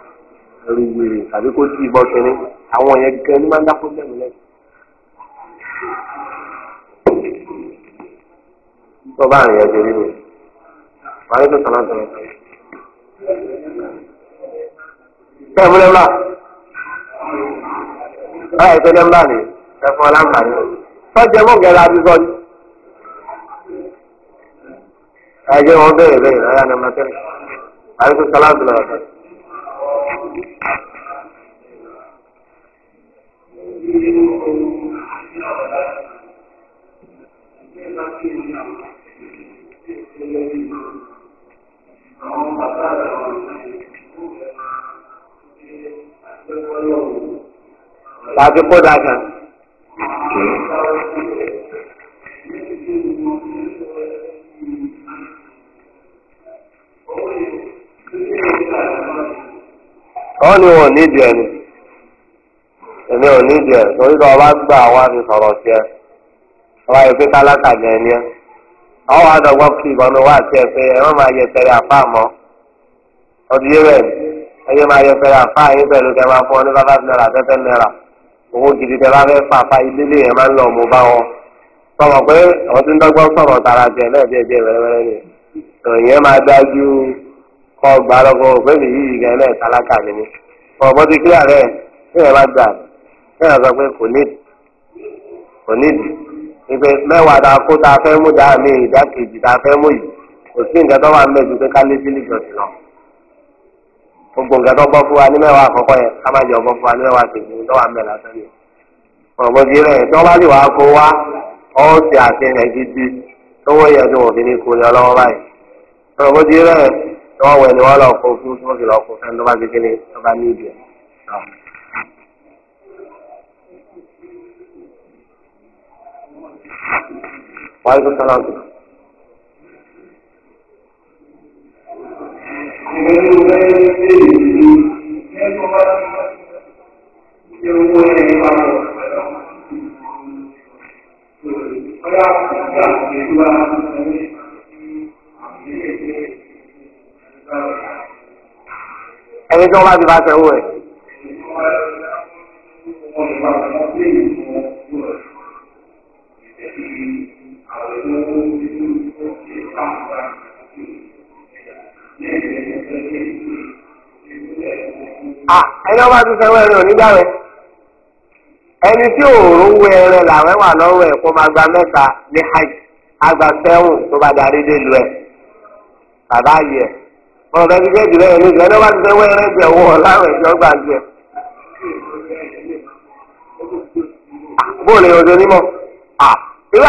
ẹrù gbèrè tàbí kó sí ìbọn kẹrin àwọn yẹn gẹ́gẹ́ ní máa ń dákó lẹ́nu lẹ́nu. tó bá àrùn yẹn ṣe rí mi wàá tẹ́fúnlẹ́ ńlá ẹ̀ tẹ́lẹ̀ ni ẹ̀fọn aláǹfààní sọ́jà mọ́ gẹ̀ẹ́rẹ́ adúgbò ni. ẹ̀jẹ̀ wọn bẹ̀rẹ̀ bẹ́ẹ̀ láyà nàmà tẹ́lẹ̀ àyẹ̀kú sáláàtù lọ́wọ́ tẹ́lẹ̀. Àwọn bàbá rẹ̀ láti kó dáadáa. wọ́n ní wọn ní ìdí ẹni èmi ò ní ìdí ẹ torí tó ọba gbà wá fi sọ̀rọ̀ sí ẹ ọba yìí pé kálákà ẹni ẹ àdọ̀gbọ́n wá ẹyẹ máa yọ fẹ́rẹ́ àfa yín pẹ̀lú kẹ́ máa fún ọ ní five naira tẹ́tẹ́ naira owó gidi tẹ́ bá fẹ́ fà fa ilé yẹn máa ń lọ mo bá wọn sọmọ pé àwọn tí ń dọ́gbọ́n sọ̀rọ̀ tara jẹ náà díẹ̀ díẹ̀ wẹ́rẹ́wẹ́rẹ́ ni ìròyìn máa dájú kọ́ gbà lọ́kọ́ òpè mi yìí gan náà tálákà mi ni ọ̀bọ ti kílà rẹ̀ tí yẹn bá gbà tí yẹn sọ pé kò nídìí kò nídìí ìpè mẹ́wàá ta kó ta fẹ́ mú dáa mi ìdá kejì ta fẹ́ mú yìí kò sí nǹkan tó wà ń bẹ̀ ju pé ká lé sílíkì ọ̀sìn náà. gbogbo nǹkan tó fún wa ní mẹ́wàá àkọ́kọ́ yẹn ká má jẹ́ ọ̀bọ fún wa ní mẹ́wàá kejì ní ti rẹ̀ bá lè kó gidi wọ́n fi ní ọlọ́wọ́ báyìí. ti rẹ̀ wọ́n wẹ̀ ni wọ́n lọ ìgbẹ́ni ẹni tí wọ́n bá ti bá tẹ̀wọ́ ẹ̀. ẹni ọba ti sẹ́wọ́ ẹni tí òòrùn ń wọ ẹran làwọn wà lọ́wọ́ ẹ̀ kó máa gba mẹta ní hajj agba sẹ́wọ̀n tó bá darí dé lu bàbá wọn bẹ ẹni ọba gbà jẹ. irú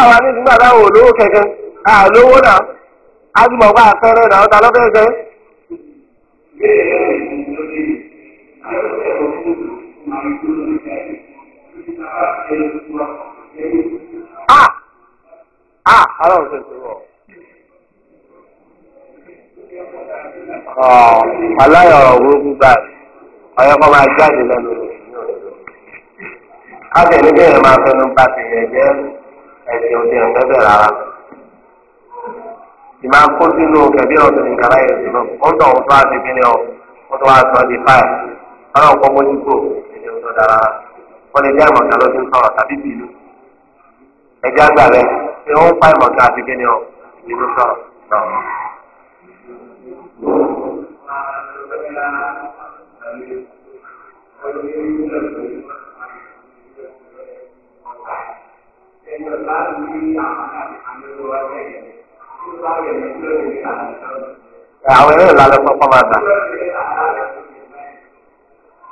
àwọn náà náà Ah! Ah! Ọlọ́run ọ̀rọ̀ burúkú báyìí. Ọ̀yọ́ máa jáde lẹ́nu rẹ̀. Káṣẹ̀ ní bẹ́ẹ̀ máa fẹnu bá ti rẹ̀ jẹ́ ẹ̀sìn òde ọ̀fẹ́ rárá. Ìmọ̀ akó sínú kẹ̀bí ọ̀sìn ìkàlá yẹn lọ. Ó ń tọ̀ ọlọ́run kọ́ mójú kúrò ẹ̀jẹ̀ tó dára wọ́n lè jẹ́ àmọ̀tá ló ti ń sọ̀rọ̀ tàbí bínú ẹ̀jẹ̀ àgbà rẹ̀ ṣé ó ń pa ìmọ̀tá àti kíni ọ ìbínú sọ̀rọ̀ náà. àwọn eré ìlànà pọpọ máa dà.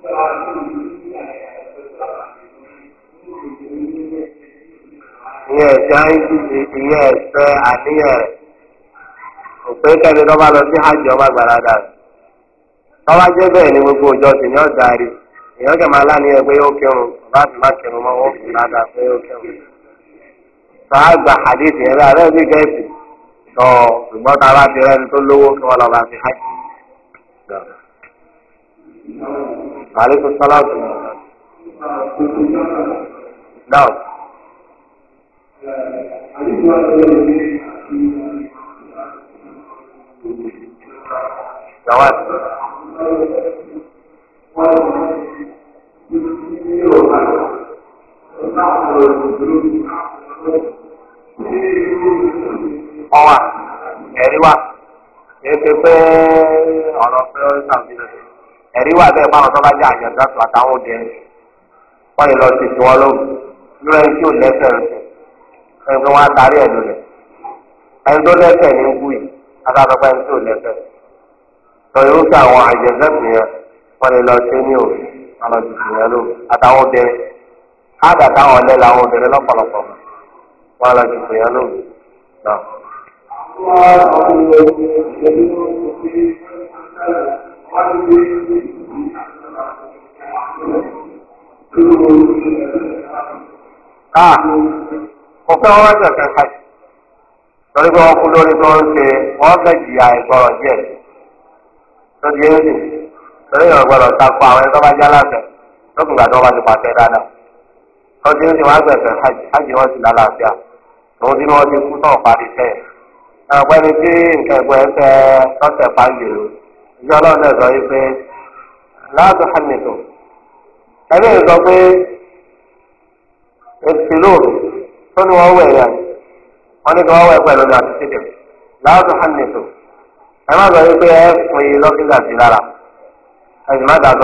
ìyẹn ẹ̀sẹ̀ ìyẹn ẹ̀sẹ̀ àníyàn rẹ̀ a kẹ́ni tó bá lọ sí hajj ọba gbàràdà rẹ̀ tọ́wá jẹ́ bẹ́ẹ̀ ni gbogbo sì ní ọ̀dà rí èèyàn pé bá sì má mọ́ wọ́n fi ládàá pé gba hadith yẹn bá rẹ́ gẹ̀ẹ́sì tọ́ ṣùgbọ́n tá a bá ti rẹ́ni عليه الصلاة والسلام نعم جواز ọwà ẹ̀rí wà kìí ṣe pé ọ̀rọ̀ pé ó ṣàfihàn ẹ̀rí wà bẹ́ẹ̀ báwọn tó jẹ́ àtàwọn obìnrin wọ́n lè lọ sí tiwọn lóhùn lórí ẹni tí ò lẹ́sẹ̀ rẹ̀ ẹni tó wọ́n tarí ẹ̀ lólẹ̀ ẹni tó lẹ́sẹ̀ ní yìí ẹni lẹ́sẹ̀ lọ yóò àwọn wọ́n lè lọ sí ní òun àwọn tuntun yẹn àtàwọn Ah, ọ̀fẹ́ wọn wá sí ọ̀fẹ́ Lórí pé wọ́n lórí pé ń ṣe wọ́n fẹ́ jìyà di díẹ̀. Lórí yẹn nì, lórí yẹn takọ àwọn ẹni bá já láàfẹ́. Lókùn bá ti pàṣẹ dáadáa. Lórí yẹn nì wọ́n á gbẹ̀fẹ̀ fàájì, wọ́n ti lálàáfíà. Lórí bí wọ́n ti kú náà tí nǹkan ẹ̀gbọ́n ìjọ ọlọ́run náà sọ wípé láàdùn hamilton ẹbí mi pé tó ní wọ́n wẹ̀ yá wọ́n ní kí wọ́n wẹ̀ pẹ̀lú ní láàdùn hamilton ẹ má sọ wípé ẹ fún yín sí lára má yóò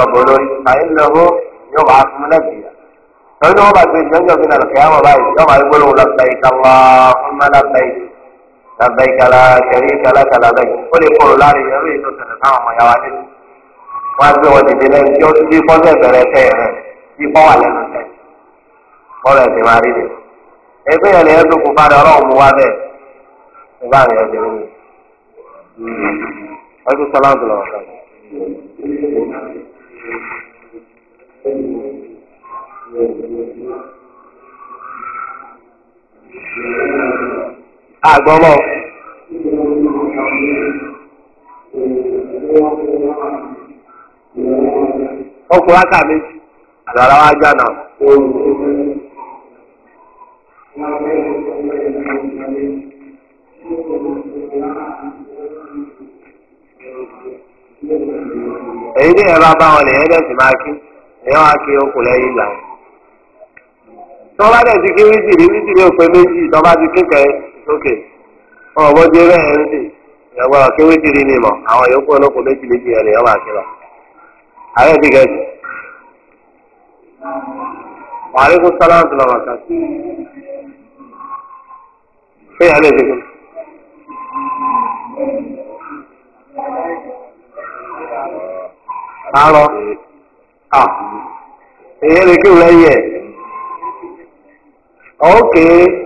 bá fún un bá gbé bí àwọn báyìí yóò máa gbólóhùn لبيك لا شريك لك لبيك ó lè kóró láàrin ẹrú yìí tó ṣẹlẹ̀ táwọn ọmọ yàrá nílùú wọn gbé wọn dìde lẹ́nu tí ó ti kọ́ sí ẹ̀bẹ̀rẹ̀ ẹsẹ̀ rẹ̀ tí kọ́ agbọmọ. ọkùnrin aka méjì a wa gbà èyí ni ẹ bá bá wọn sì máa kí wá kí okùn lẹ́yìn dẹ̀ ti kí wíjì rí wíjì òpin méjì ti kí lókè wọn ò bọ́jú ẹgbẹ́ ń sè ni àwọn yòókù méjì méjì ààrẹ ti sí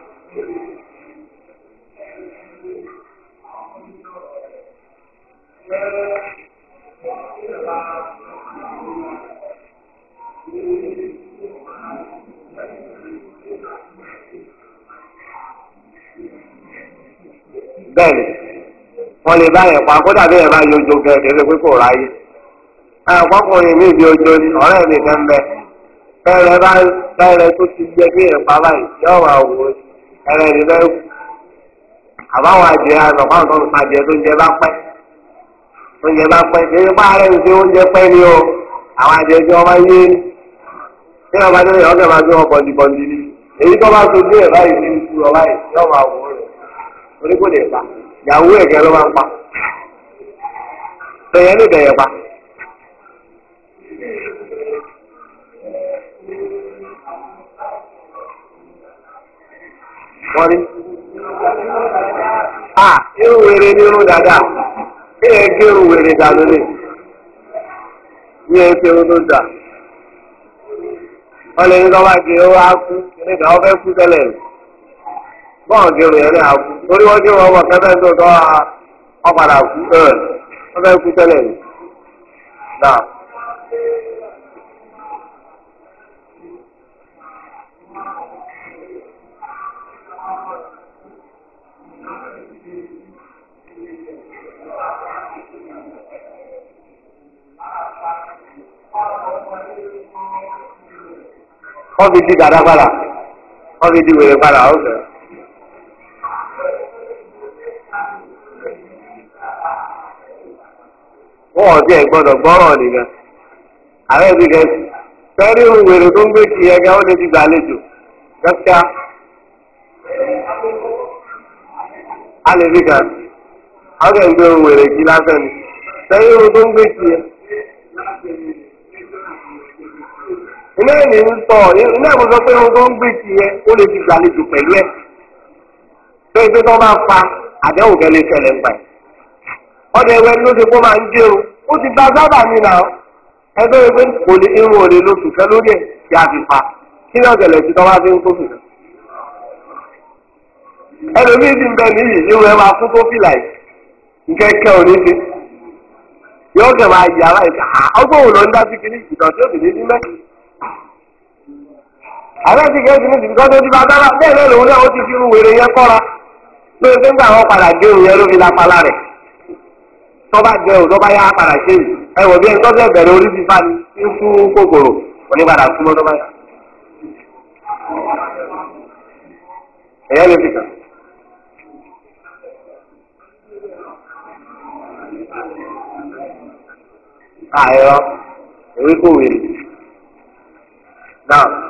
bẹ́ẹ̀ni wọ́n lè bá ẹ̀pá pa kódà bí bá yọ ojo gẹ̀ pé kò ráyè. ọkùnrin ojo ni ọ̀rẹ́ mi kan bẹ bá tó ti gbé bí yẹn báyìí yọ wà wò ni bẹ́ẹ̀ tó ń jẹ bá pẹ́. oúnjẹ bá pẹ́ ṣe é báàrẹ̀ ń ṣe oúnjẹ pẹ́ ni o àwọn àjẹjọ ọba yé ṣé ọba tó yẹ ọgá máa gbé wọn bọ̀dìbọ̀dì ni èyí tó bá sojú ẹ̀ báyìí ọba yìí wò pa ìyàwó ló máa ń pa a irú wèrè irú dáadáa. ẹ gé òwèrè dànù ni ní ẹsẹ̀ olódà gị lè ní kọ́ bá gé owó akú kíní kan wọ́n fẹ́ kú tẹ́lẹ̀ bọ́ọ̀ gé òwèrè ní wọ́n fi dada padà wọ́n fi di wèrè padà ó fẹ́. wọ́n ò tiẹ̀ gbọ́dọ̀ gbọ́rọ̀ nìkan àwọn ẹbí kan fẹ́rí wèrè tó ń gbé kiri ẹgbẹ́ ó lè ti gbàlejò dókítà alẹ́ bí kan àwọn ẹgbẹ́ wèrè kí lásán ni fẹ́rí wèrè tó ń gbé kiri ẹgbẹ́. ilé ìní ń sọ ilé ìwé sọ pé ohun tó ń gbé yẹn ó lè fi gbàlejò pẹ̀lú ẹ̀ pé ibi tó bá fa àdéhùn kẹlẹ̀ kẹlẹ̀ gbà ọdẹ ẹwẹ ló ti kó máa ń jẹun ó ti gba sábà mi nà ẹgbẹ́ ẹgbẹ́ kò ní irun òde lóṣù lórí ẹ̀ a fi pa kí ni ọ̀gẹ̀lẹ̀ ti tọ́ wá fi ń kó fìlà ẹlòmíì ti ń bẹ níyì irun ẹ máa kú tó ti yóò máa àlọ́ ti gẹ́gẹ́ ní ìdíkọ́ tó ti bá dára bẹ́ẹ̀ náà lòun náà ó ti fi irú wèrè yẹn kọ́ra lórí pé nígbà wọn padà gé òun yẹn ló fi lápalá rẹ̀ tọ́ba gẹ ò tọ́ba yá padà ṣe yìí ẹ wò bí ẹni tọ́sẹ̀ bẹ̀rẹ̀ orí fífa ni ń kú kòkòrò onípadà kú mọ́ tọ́ba yá. ẹ̀yẹ́ lè fi kàn. àìrọ ewé kò wèrè náà.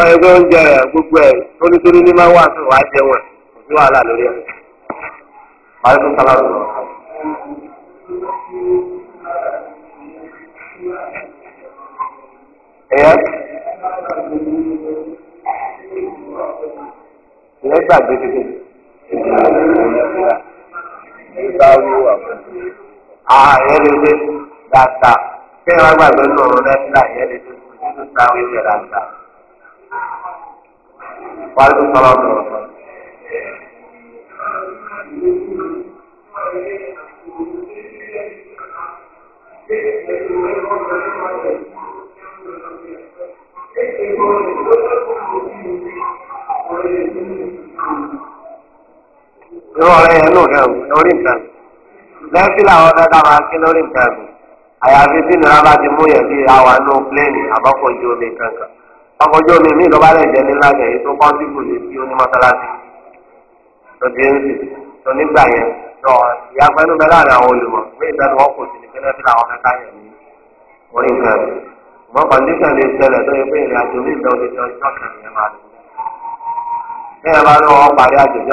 báyọ̀ pé oúnjẹ rẹ̀ gbogbo ẹ̀ tó ní máa wà tó wàá jẹun ọrịa kò wàhálà lórí ẹ̀. wàá tún kálá lọ. ẹ̀yẹ́ gbàgbé ààyè lè dé dáadáa kí ẹ̀rọ lè dé dáadáa. ওয়ালাইকুম সালাম lórí nǹkan lẹ́sílẹ̀ àwọn ọ̀dọ́ máa ń lórí nǹkan àyàfi tí nira bá ti mú yẹn bí àwọn àánú pléènì àbọ̀kọ̀ ojú omi kankan. ọkọjọ lè ní ìlọba lè jẹ nílá rẹ ètò kọńtìkù lè fi oní mọ́sálásí lọdí ẹnjì tó nígbà yẹn tó ìyá pẹ̀lú bẹ́ẹ̀ láàrin àwọn olùmọ̀ pé ìdáni wọn kò sí ní pẹ̀lú ẹbí làwọn kẹta yẹn ní orí nǹkan rẹ ṣùgbọ́n kọndíṣàn lè ṣẹlẹ̀ tó yẹ pé ìrìn àjò ìjọ kan máa lò bẹ́ẹ̀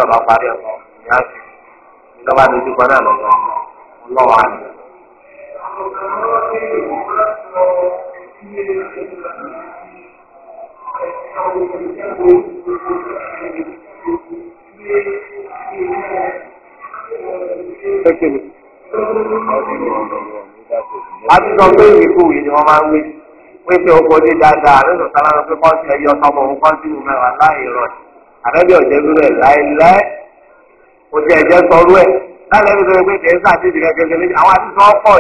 bá wọn àti sọ pé ìwéko yìí ni wọ́n máa ń wé wé pé ní dáadáa àrẹ sọ̀tà lára pé kọ́ńtì ẹyọ tọmọ òun kọ́ńtì ìlú mẹ́wàá láì rọ̀ kò tí ẹ̀jẹ̀ ẹ̀ pé àwọn àti sọ ọkọ̀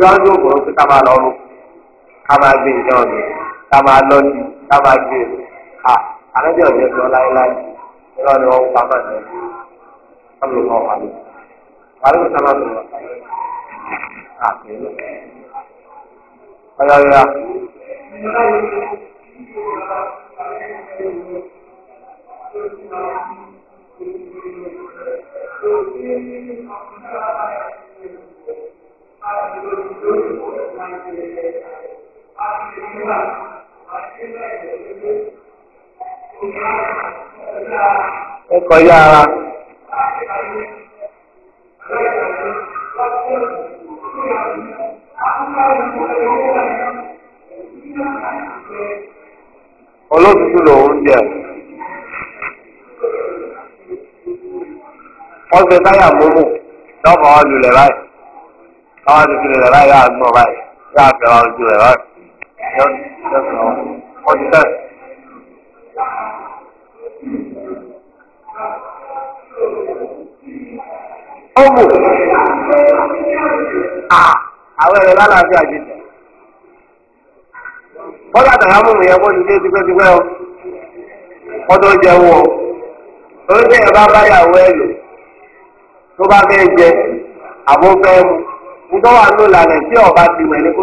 dá lórí ká máa ká máa gbé ká máa lọ sí ká máa gbé à àlejò ọ̀jẹ̀ sọ láéláé ìrọ̀ ni wọ́n pa máa tẹ̀lé ọ̀lù kan wà lóko wàlúù sábà tó wà àkèrè ọ̀yọ̀ yọ̀ Thank you ó kọjá ara. olótùtù lòún jẹ wọn fi táyà múmú lọ́mọ wọn lulẹ̀ báyìí káwọn ti fi lulẹ̀ báyìí yóò àánú báyìí yóò àfẹ́ràn ojú rẹ̀ báyìí. ọ̀yíká. ọ̀bù ah, àwọn ẹ̀rọ lálàáfíà jù jù. bọ́lá àtàlámù mi yẹ kó ti dé tipẹ́tipẹ́ o jẹ wọ oúnjẹ yẹn báyàwó ẹ tó bá fẹ́ jẹ àbó mu nítorí wà ló tí ọba ti wẹ̀ ní kó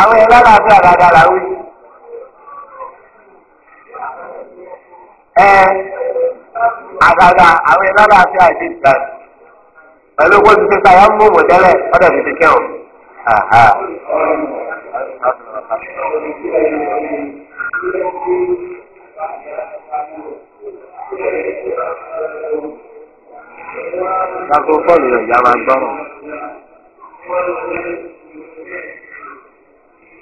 àwọn ẹ̀ lálàáfíà dáadáa làwọn yìí. ẹ àgàgà àwọn ẹ̀ lálàáfíà ti gbà pẹ̀lú owó tuntun ká wọ́n mú mọ̀tẹ́lẹ̀ ọ̀dọ̀ fi ti kẹ́hùn. Kakó fọ́ọ̀lù rẹ̀ ìjà máa gbọ́.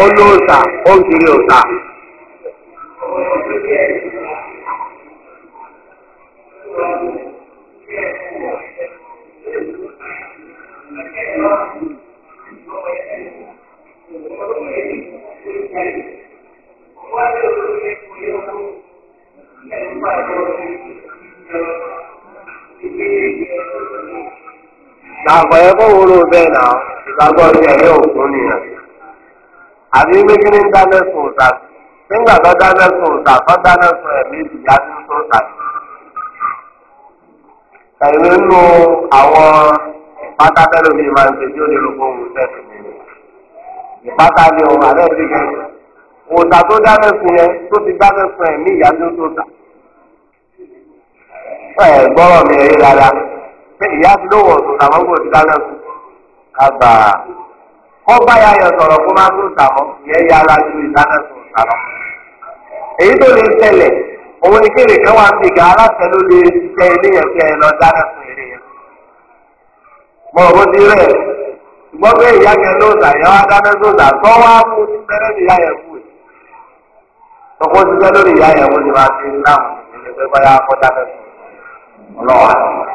olóòsà ó ń kiri òsà. àgbọ̀yẹ kó wúlò bẹ́ẹ̀ náà ìgbàgbọ́ ìṣẹ̀lẹ̀ òkun nìyẹn. àbí méjìlí ń dáná sun òòtà nígbà tó dáná sun òòtà tó dáná sun ẹ̀mí ìyá tó ń tó tà. pẹ̀lú nínú àwọn ìpátátẹ́lẹ̀ mi máa ń ṣe tí ó lè rúgbó ohun sẹ́ẹ̀sì mi ni. ìpátá ni òun àlẹ́ ti gẹ̀. òòtà tó dáná sun yẹn tó ti dáná sun ẹ̀mí ìyá tó tó tà. ẹ̀ gbọ́rọ̀ mi ìyá ti lówó ọ̀sùn tàbọ̀ gbòò ti dáná sùn kàgbà kọ́gbà ya yọ sọ̀rọ̀ fún má tó tàbọ̀ yẹ ya alájú ìdáná sùn èyí tó lè tẹ̀lẹ̀ òun ni kan wà ń bìgà aláṣẹ ló lè ilé yẹn kí ẹ lọ dáná ilé yẹn. mo ò rẹ̀ pé ìyá yẹn ló wá ti ìyá yẹn kú ẹ̀. tọkọ ti lórí ìyá yẹn ti máa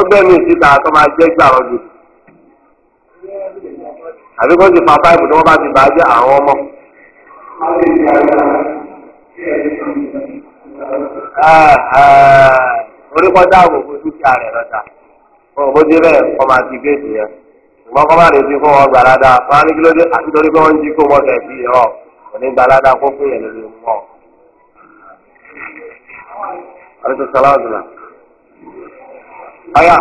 ọgbẹ́ mi síta tó máa jẹ́ gbà wọn jù àbí kó fa tí wọ́n bá ti bàjẹ́ àwọn ọmọ. Ah, ah, orí kọjá àbòkù dúkìá rẹ̀ lọ́jà òbó dé bẹ́ẹ̀ kọ́ máa ti géètì yẹn ṣùgbọ́n kọ́ máa retí fún wọn wọn á ní kí ló dé àti pé wọ́n ń jí kó wọ́n kò ní kó fún ọ̀yà.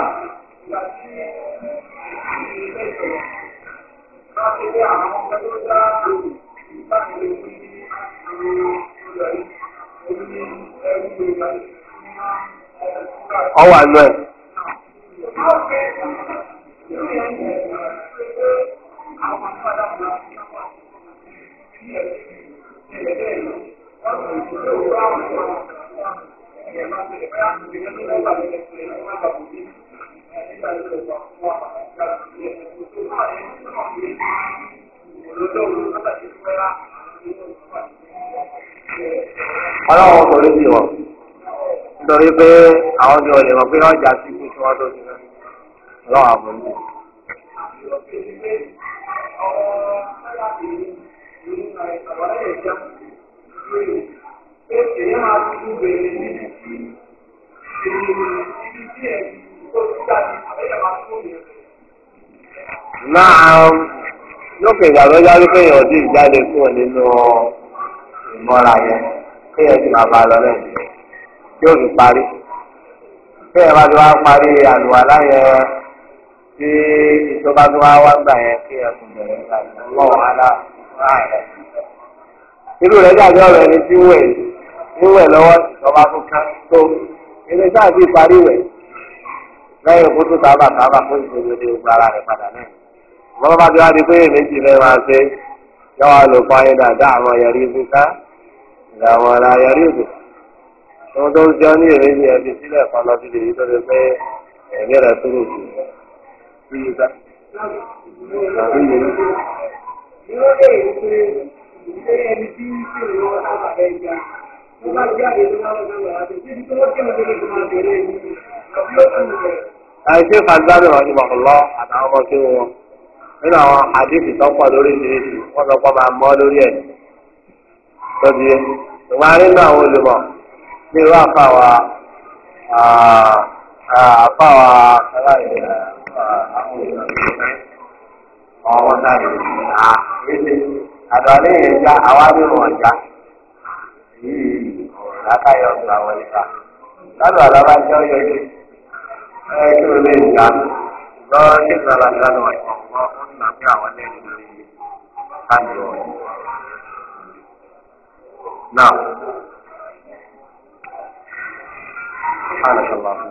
ọwọ́ àlọ́ ẹ̀. torí pé àwọn ọjọ́ ọ̀lẹ̀ mọ̀ pé ọjà sí kí wọ́n tó ti náà lọ́wọ́ àbúrò. Náà lókè ìgbàgbọ́ jáde pé èèyàn ti jáde kúrò nínú ìmọ̀ra yẹn kéèyàn ti máa bá a lọ lẹ́yìn. yóò fi parí tí ẹ bá ti wá parí àlùwàlá yẹn tí ìjọba tó wá wá gbà yẹn kí ẹ kò bẹ̀rẹ̀ nípa ìlọ́wọ́ aláàrẹ̀. irú rẹ̀ dàbí ọ̀rọ̀ ẹni tí wẹ̀ níwẹ̀ lọ́wọ́ ìjọba tó ká tó ilé sáà ti parí rẹ̀ lẹ́yìn kó tó sábà sábà fún ìgbòmìnira ogun ara rẹ̀ padà náà. ìmọ̀lá bá ti wá di pé èméjì rẹ̀ máa ṣe yọ wá lò fún ayé dáadáa àwọn yẹrí ibùká ìgbà àwọn yẹrí ibùká wọn tó ń jọ ní èrè ní ẹbí sílẹ̀ kan lọ sí lè pé ẹ̀mí rẹ̀ tó lè jù. àìsí ìfàgbádùn ọ̀hún ìmọ̀kànlọ́ àtàwọn ọmọ kí wọn nínú àwọn àdéhùn tó pọ̀ lórí ìṣèlérí wọn sọ pé máa mọ́ lórí ẹ̀ tọ́jú ẹ̀ ṣùgbọ́n nínú àwọn olùmọ̀ bí irú àfàwà àfàwà àwọn ọmọ náà lè ní àrídì àdọ̀lẹ́ yẹn já àwa nínú ọjà yìí látàyọ̀ ọ̀gbà wọlé ká lọ́dọ̀ àlábájọ́ yọjú ẹ kí ló lè jà lọ sí ìgbàlá ìlànà ọ̀gbọ̀n ọ̀gbọ̀n nígbà tí àwọn lẹ́yìn lórí káàdì ọ̀gbọ̀n náà. سبحانك اللهم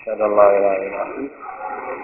اشهد ان لا اله الا انت